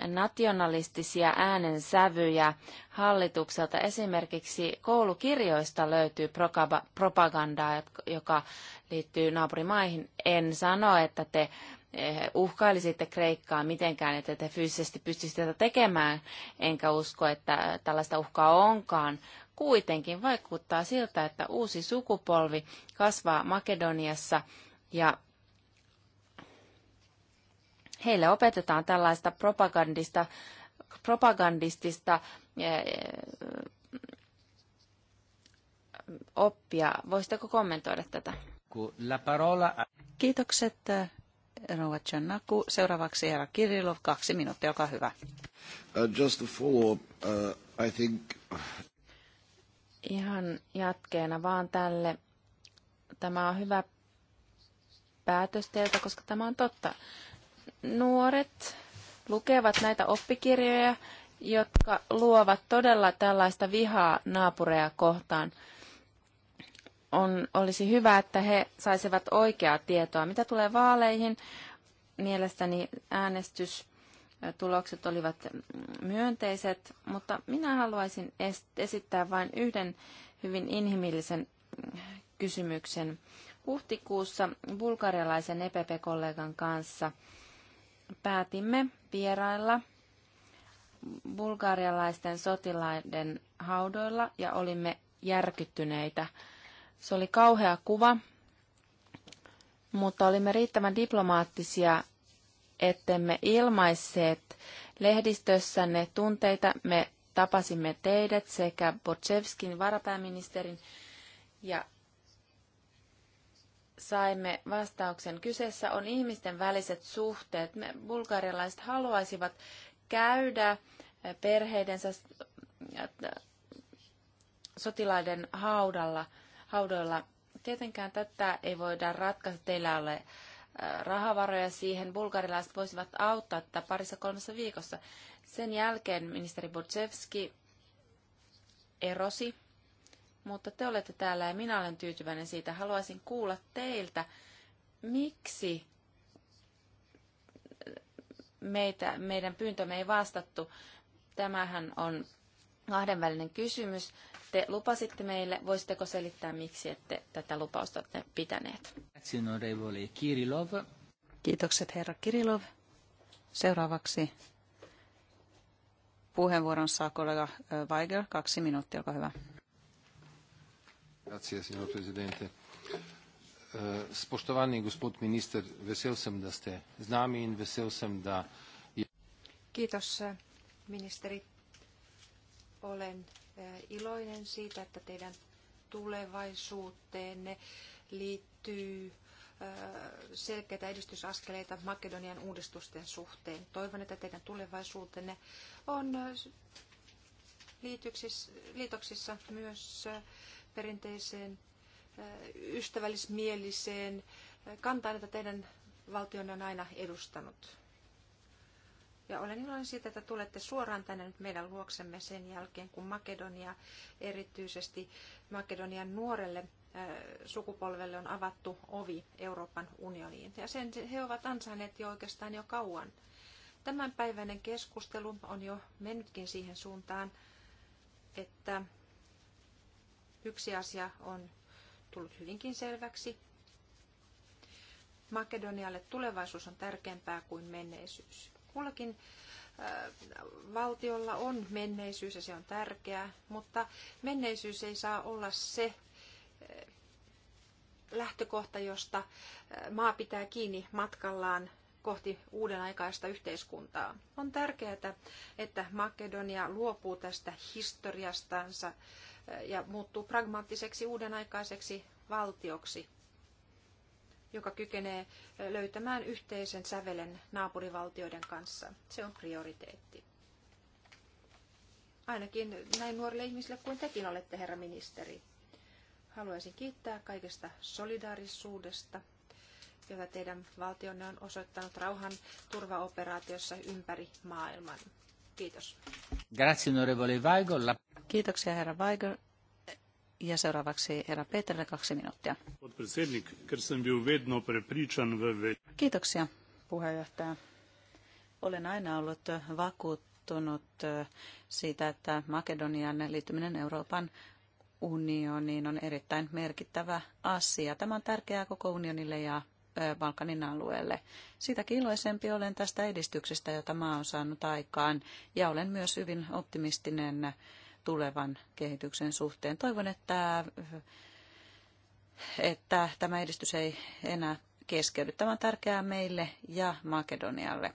nationalistisia äänensävyjä hallitukselta. Esimerkiksi koulukirjoista löytyy propagandaa, joka liittyy naapurimaihin. En sano, että te eh, uhkailisitte Kreikkaa mitenkään, että te fyysisesti pystyisitte tätä tekemään, enkä usko, että tällaista uhkaa onkaan. Kuitenkin vaikuttaa siltä, että uusi sukupolvi kasvaa Makedoniassa ja heille opetetaan tällaista propagandista, propagandistista eh, eh, oppia. Voisitteko kommentoida tätä? Kiitokset eh, Rova Chanaku. Seuraavaksi herra Kirillov, kaksi minuuttia, olkaa hyvä. Uh, just follow up, uh, I think... Ihan jatkeena vaan tälle. Tämä on hyvä päätös teiltä, koska tämä on totta nuoret lukevat näitä oppikirjoja, jotka luovat todella tällaista vihaa naapureja kohtaan. On, olisi hyvä, että he saisivat oikeaa tietoa. Mitä tulee vaaleihin, mielestäni äänestystulokset olivat myönteiset, mutta minä haluaisin esittää vain yhden hyvin inhimillisen kysymyksen. Huhtikuussa bulgarialaisen EPP-kollegan kanssa – päätimme vierailla bulgarialaisten sotilaiden haudoilla ja olimme järkyttyneitä. Se oli kauhea kuva, mutta olimme riittävän diplomaattisia, ettemme ilmaisseet lehdistössänne tunteita. Me tapasimme teidät sekä Bochevskin varapääministerin ja saimme vastauksen. Kyseessä on ihmisten väliset suhteet. Me bulgarialaiset haluaisivat käydä perheidensä sotilaiden haudalla, haudoilla. Tietenkään tätä ei voida ratkaista. Teillä ole rahavaroja siihen. Bulgarilaiset voisivat auttaa tätä parissa kolmessa viikossa. Sen jälkeen ministeri Budzewski erosi mutta te olette täällä ja minä olen tyytyväinen siitä. Haluaisin kuulla teiltä, miksi meitä, meidän pyyntömme ei vastattu. Tämähän on kahdenvälinen kysymys. Te lupasitte meille, voisitteko selittää, miksi ette tätä lupausta olette pitäneet? Kiitokset herra Kirilov. Seuraavaksi puheenvuoron saa kollega Weiger. Kaksi minuuttia, olkaa hyvä. Grazie, signor Presidente. Eh, spoštovani gospod minister, vesel sem, da ste z nami in vesel sem, da je... Kiitos, ministeri. Olen eh, iloinen siitä, että teidän tulevaisuuteenne liittyy eh, selkeitä edistysaskeleita Makedonian uudistusten suhteen. Toivon, että teidän tulevaisuutenne on liitoksissa myös perinteiseen ystävällismieliseen kantaan, jota teidän valtionne on aina edustanut. Ja olen iloinen siitä, että tulette suoraan tänne nyt meidän luoksemme sen jälkeen, kun Makedonia, erityisesti Makedonian nuorelle sukupolvelle on avattu ovi Euroopan unioniin. Ja sen he ovat ansainneet jo oikeastaan jo kauan. Tämänpäiväinen keskustelu on jo mennytkin siihen suuntaan, että Yksi asia on tullut hyvinkin selväksi. Makedonialle tulevaisuus on tärkeämpää kuin menneisyys. Kullakin äh, valtiolla on menneisyys ja se on tärkeää, mutta menneisyys ei saa olla se äh, lähtökohta, josta äh, maa pitää kiinni matkallaan kohti uudenaikaista yhteiskuntaa. On tärkeää, että Makedonia luopuu tästä historiastansa ja muuttuu pragmaattiseksi uudenaikaiseksi valtioksi, joka kykenee löytämään yhteisen sävelen naapurivaltioiden kanssa. Se on prioriteetti. Ainakin näin nuorille ihmisille kuin tekin olette, herra ministeri. Haluaisin kiittää kaikesta solidaarisuudesta, jota teidän valtionne on osoittanut rauhan turvaoperaatiossa ympäri maailman. Kiitos. Grazie, onorevole Vaigolla. Kiitoksia, herra Weigel. Ja seuraavaksi herra Peterille kaksi minuuttia. Kiitoksia, puheenjohtaja. Olen aina ollut vakuuttunut eh, siitä, että Makedonian liittyminen Euroopan unioniin on erittäin merkittävä asia. Tämä on tärkeää koko unionille ja Balkanin alueelle. Sitä kiloisempi olen tästä edistyksestä, jota maa on saanut aikaan, ja olen myös hyvin optimistinen tulevan kehityksen suhteen. Toivon, että, että tämä edistys ei enää keskeydy. Tämä on tärkeää meille ja Makedonialle.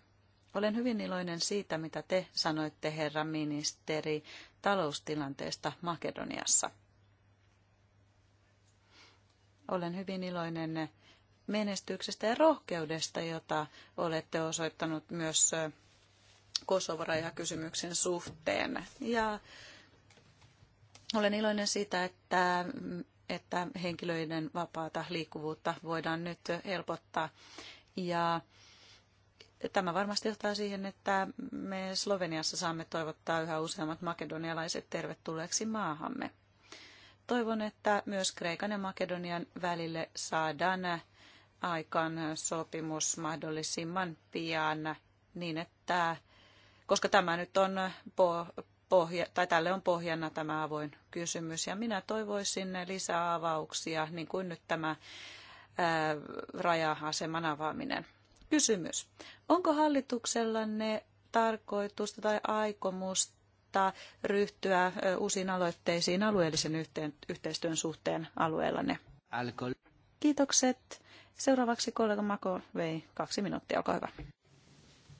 Olen hyvin iloinen siitä, mitä te sanoitte, herra ministeri, taloustilanteesta Makedoniassa. Olen hyvin iloinen menestyksestä ja rohkeudesta, jota olette osoittanut myös Kosovo-rajakysymyksen suhteen. Ja olen iloinen siitä, että, että henkilöiden vapaata liikkuvuutta voidaan nyt helpottaa. Ja tämä varmasti johtaa siihen, että me Sloveniassa saamme toivottaa yhä useammat makedonialaiset tervetulleeksi maahamme. Toivon, että myös Kreikan ja Makedonian välille saadaan aikaan sopimus mahdollisimman pian niin, että koska tämä nyt on pohja, tai tälle on pohjana tämä avoin kysymys. Ja minä toivoisin lisää avauksia, niin kuin nyt tämä ää, raja-aseman avaaminen. Kysymys. Onko hallituksellanne tarkoitusta tai aikomusta ryhtyä uusiin aloitteisiin alueellisen yhteen, yhteistyön suhteen alueellanne? Alkoi. Kiitokset. Seuraavaksi kollega Mako vei kaksi minuuttia, olkaa hyvä.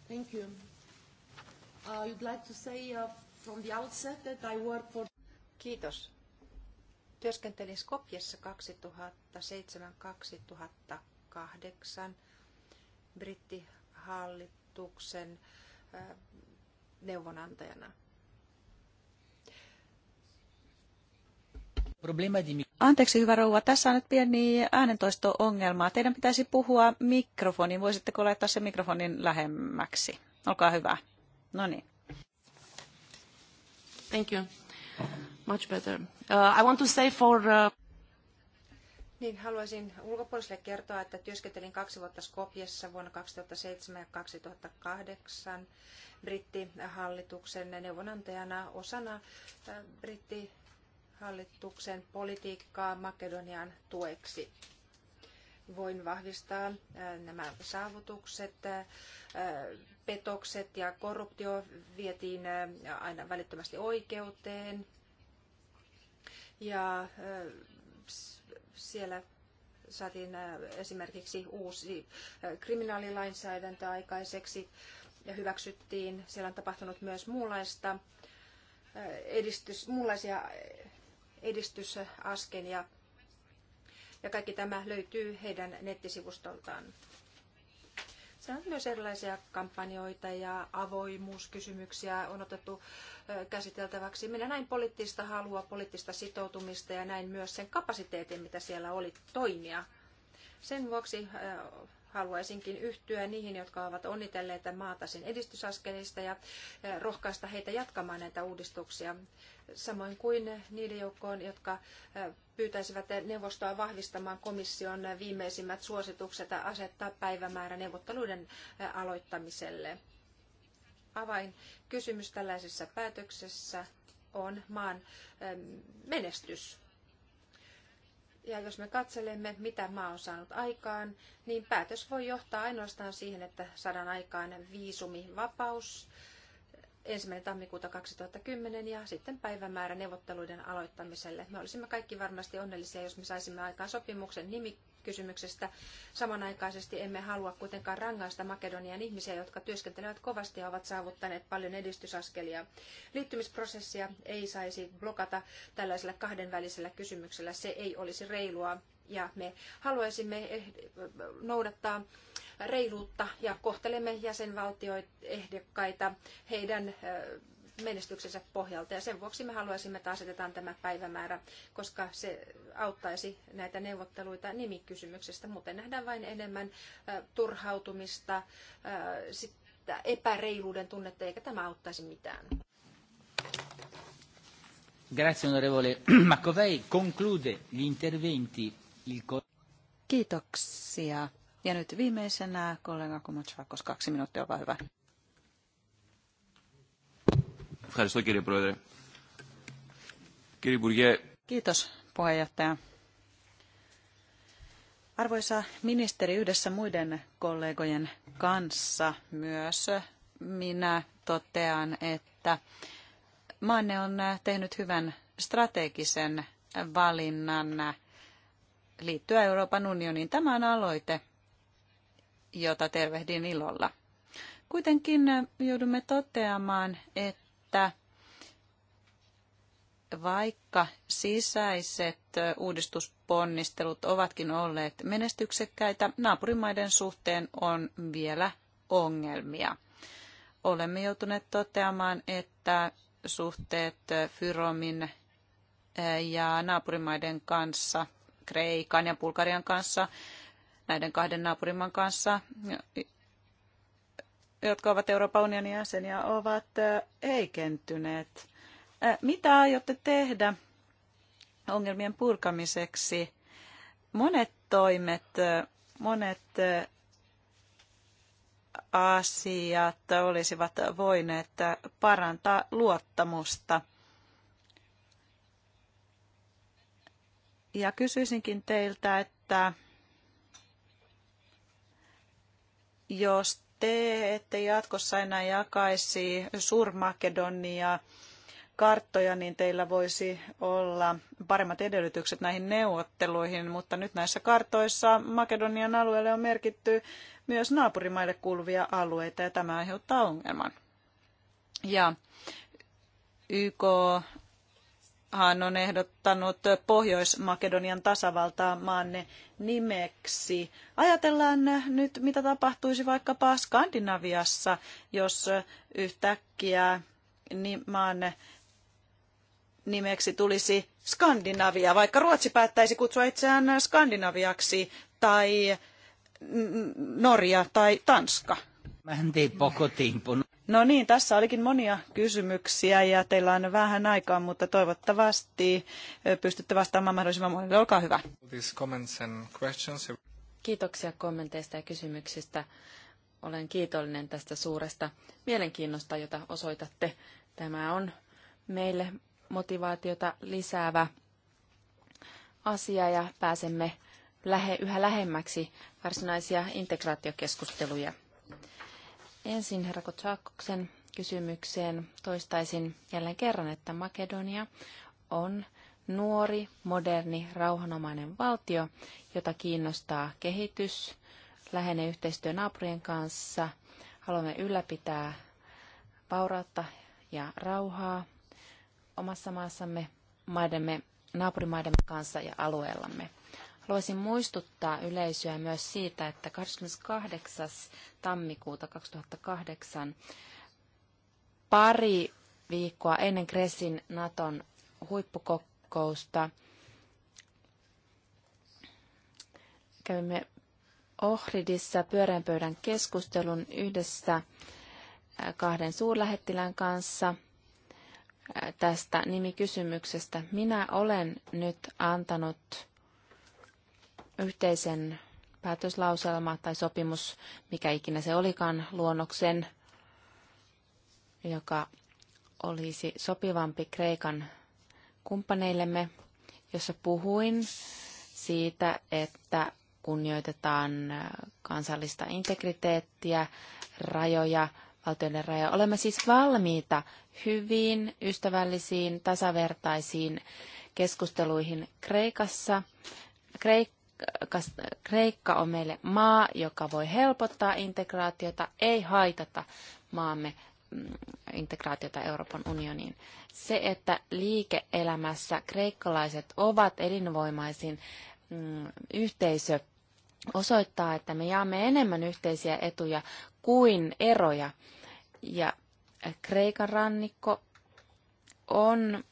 Thank you. Uh, you'd like to say uh, from the outset that I work for... Kiitos. Työskentelin Skopjessa 2007-2008 brittihallituksen äh, neuvonantajana – Anteeksi, hyvä rouva. Tässä on nyt pieni äänentoisto-ongelma. Teidän pitäisi puhua mikrofoniin. Voisitteko laittaa sen mikrofonin lähemmäksi? Olkaa hyvä. No niin. Thank you. Much better. Uh, I want to say for... Uh... Niin, haluaisin ulkopuoliselle kertoa, että työskentelin kaksi vuotta Skopjessa vuonna 2007 ja 2008 brittihallituksen neuvonantajana osana äh, britti hallituksen politiikkaa Makedonian tueksi. Voin vahvistaa nämä saavutukset. Petokset ja korruptio vietiin aina välittömästi oikeuteen. Ja siellä saatiin esimerkiksi uusi kriminaalilainsäädäntö aikaiseksi ja hyväksyttiin. Siellä on tapahtunut myös muunlaista edistys, muunlaisia ja, Ja kaikki tämä löytyy heidän nettisivustoltaan. Se on myös erilaisia kampanjoita ja avoimuuskysymyksiä on otettu käsiteltäväksi. Minä näin poliittista halua, poliittista sitoutumista ja näin myös sen kapasiteetin, mitä siellä oli toimia. Sen vuoksi haluaisinkin yhtyä niihin, jotka ovat onnitelleet maata sen edistysaskelista ja eh, rohkaista heitä jatkamaan näitä uudistuksia. Samoin kuin niiden joukkoon, jotka eh, pyytäisivät neuvostoa vahvistamaan komission viimeisimmät suositukset ja asettaa päivämäärä neuvotteluiden eh, aloittamiselle. kysymys tällaisessa päätöksessä on maan menestys ja jos me katselemme, mitä maa on saanut aikaan, niin päätös voi johtaa ainoastaan siihen, että saadaan aikaan viisumivapaus 1. tammikuuta 2010 ja sitten päivämäärä neuvotteluiden aloittamiselle. Me olisimme kaikki varmasti onnellisia, jos me saisimme aikaan sopimuksen nimi, kysymyksestä. Samanaikaisesti emme halua kuitenkaan rangaista Makedonian ihmisiä, jotka työskentelevät kovasti ja ovat saavuttaneet paljon edistysaskelia. Liittymisprosessia ei saisi blokata tällaisella kahdenvälisellä kysymyksellä. Se ei olisi reilua ja me haluaisimme noudattaa reiluutta ja kohtelemme jäsenvaltioiden ehdokkaita heidän menestyksensä pohjalta. Ja sen vuoksi me haluaisimme, että asetetaan tämä päivämäärä, koska se auttaisi näitä neuvotteluita nimikysymyksestä. Muuten nähdään vain enemmän turhautumista, sitä epäreiluuden tunnetta, eikä tämä auttaisi mitään. Grazie onorevole Makovei. Conclude gli interventi il... Kiitoksia. Ja nyt viimeisenä kollega Komotsvakos, kaksi minuuttia, olkaa hyvä. Ευχαριστώ κύριε Πρόεδρε. Κύριε Υπουργέ. Kiitos puheenjohtaja. Arvoisa ministeri, yhdessä muiden kollegojen kanssa myös minä totean, että maanne on tehnyt hyvän strategisen valinnan liittyä Euroopan unioniin. Tämä on aloite, jota tervehdin ilolla. Kuitenkin joudumme toteamaan, että että vaikka sisäiset uudistusponnistelut ovatkin olleet menestyksekkäitä, naapurimaiden suhteen on vielä ongelmia. Olemme joutuneet toteamaan, että suhteet Fyromin eh, ja naapurimaiden kanssa, Kreikan ja Bulgarian kanssa, näiden kahden naapurimaan kanssa jotka ovat Euroopan unionin jäseniä, ovat heikentyneet. Mitä aiotte tehdä ongelmien purkamiseksi? Monet toimet, monet asiat olisivat voineet parantaa luottamusta. Ja kysyisinkin teiltä, että jos te ette jatkossa enää jakaisi Suur-Makedonia karttoja, niin teillä voisi olla paremmat edellytykset näihin neuvotteluihin, mutta nyt näissä kartoissa Makedonian alueelle on merkitty myös naapurimaille kuuluvia alueita ja tämä aiheuttaa ongelman. Ja YK hän on ehdottanut Pohjois-Makedonian tasavaltaa maanne nimeksi. Ajatellaan nyt, mitä tapahtuisi vaikkapa Skandinaviassa, jos yhtäkkiä maan nimeksi tulisi Skandinavia, vaikka Ruotsi päättäisi kutsua itseään Skandinaviaksi tai Norja tai Tanska. Mä en No niin, tässä olikin monia kysymyksiä ja teillä on vähän aikaa, mutta toivottavasti pystytte vastaamaan mahdollisimman monille. Olkaa hyvä. Kiitoksia kommenteista ja kysymyksistä. Olen kiitollinen tästä suuresta mielenkiinnosta, jota osoitatte. Tämä on meille motivaatiota lisäävä asia ja pääsemme lähe, yhä lähemmäksi varsinaisia integraatiokeskusteluja. Ensin herra Kotsakoksen kysymykseen toistaisin jälleen kerran, että Makedonia on nuori, moderni, rauhanomainen valtio, jota kiinnostaa kehitys, lähene yhteistyö naapurien kanssa. Haluamme ylläpitää vaurautta ja rauhaa omassa maassamme, maidemme, naapurimaidemme kanssa ja alueellamme. Haluaisin muistuttaa yleisöä myös siitä, että 28. tammikuuta 2008 pari viikkoa ennen Kressin Naton huippukokousta kävimme Ohridissa pyöreän pöydän keskustelun yhdessä kahden suurlähettilän kanssa tästä nimikysymyksestä. Minä olen nyt antanut yhteisen päätöslauselma tai sopimus, mikä ikinä se olikaan, luonnoksen, joka olisi sopivampi Kreikan kumppaneillemme, jossa puhuin siitä, että kunnioitetaan kansallista integriteettiä, rajoja, valtioiden rajoja. Olemme siis valmiita hyvin ystävällisiin, tasavertaisiin keskusteluihin Kreikassa, Kreik- Kreikka on meille maa, joka voi helpottaa integraatiota, ei haitata maamme mm, integraatiota Euroopan unioniin. Se, että liike-elämässä kreikkalaiset ovat elinvoimaisin mm, yhteisö, osoittaa, että me jaamme enemmän yhteisiä etuja kuin eroja. Ja Kreikan rannikko on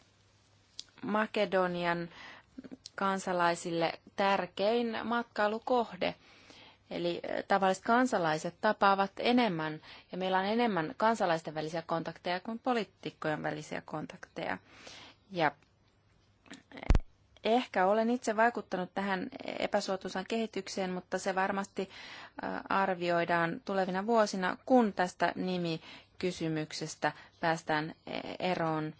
Makedonian äh, kansalaisille tärkein matkailukohde. Eli eh, tavalliset kansalaiset tapaavat enemmän ja meillä on enemmän kansalaisten välisiä kontakteja kuin poliittikkojen välisiä kontakteja. Ja eh, ehkä olen itse vaikuttanut tähän epäsuotuisaan kehitykseen, mutta se varmasti eh, arvioidaan tulevina vuosina, kun tästä nimikysymyksestä päästään eroon.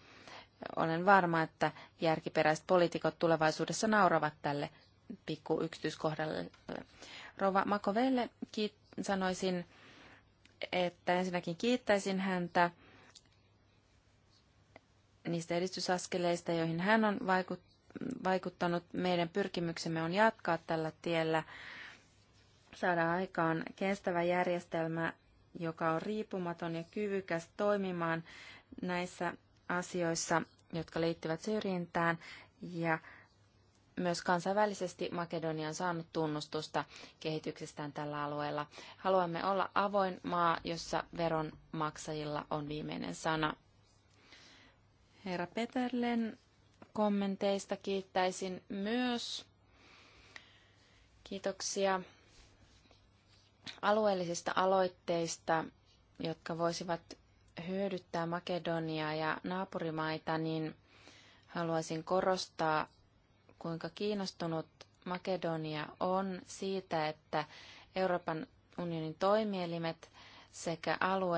Olen varma, että järkiperäiset poliitikot tulevaisuudessa nauravat tälle pikku yksityiskohdalle. Rova Makovelle kiit- sanoisin, että ensinnäkin kiittäisin häntä niistä edistysaskeleista, joihin hän on vaikuttanut. Meidän pyrkimyksemme on jatkaa tällä tiellä, saada aikaan kestävä järjestelmä, joka on riippumaton ja kyvykäs toimimaan näissä asioissa, jotka liittyvät syrjintään ja myös kansainvälisesti Makedonia on saanut tunnustusta kehityksestään tällä alueella. Haluamme olla avoin maa, jossa veronmaksajilla on viimeinen sana. Herra Peterlen kommenteista kiittäisin myös. Kiitoksia alueellisista aloitteista, jotka voisivat hyödyttää Makedoniaa ja naapurimaita, niin haluaisin korostaa, kuinka kiinnostunut Makedonia on siitä, että Euroopan unionin toimielimet sekä alueet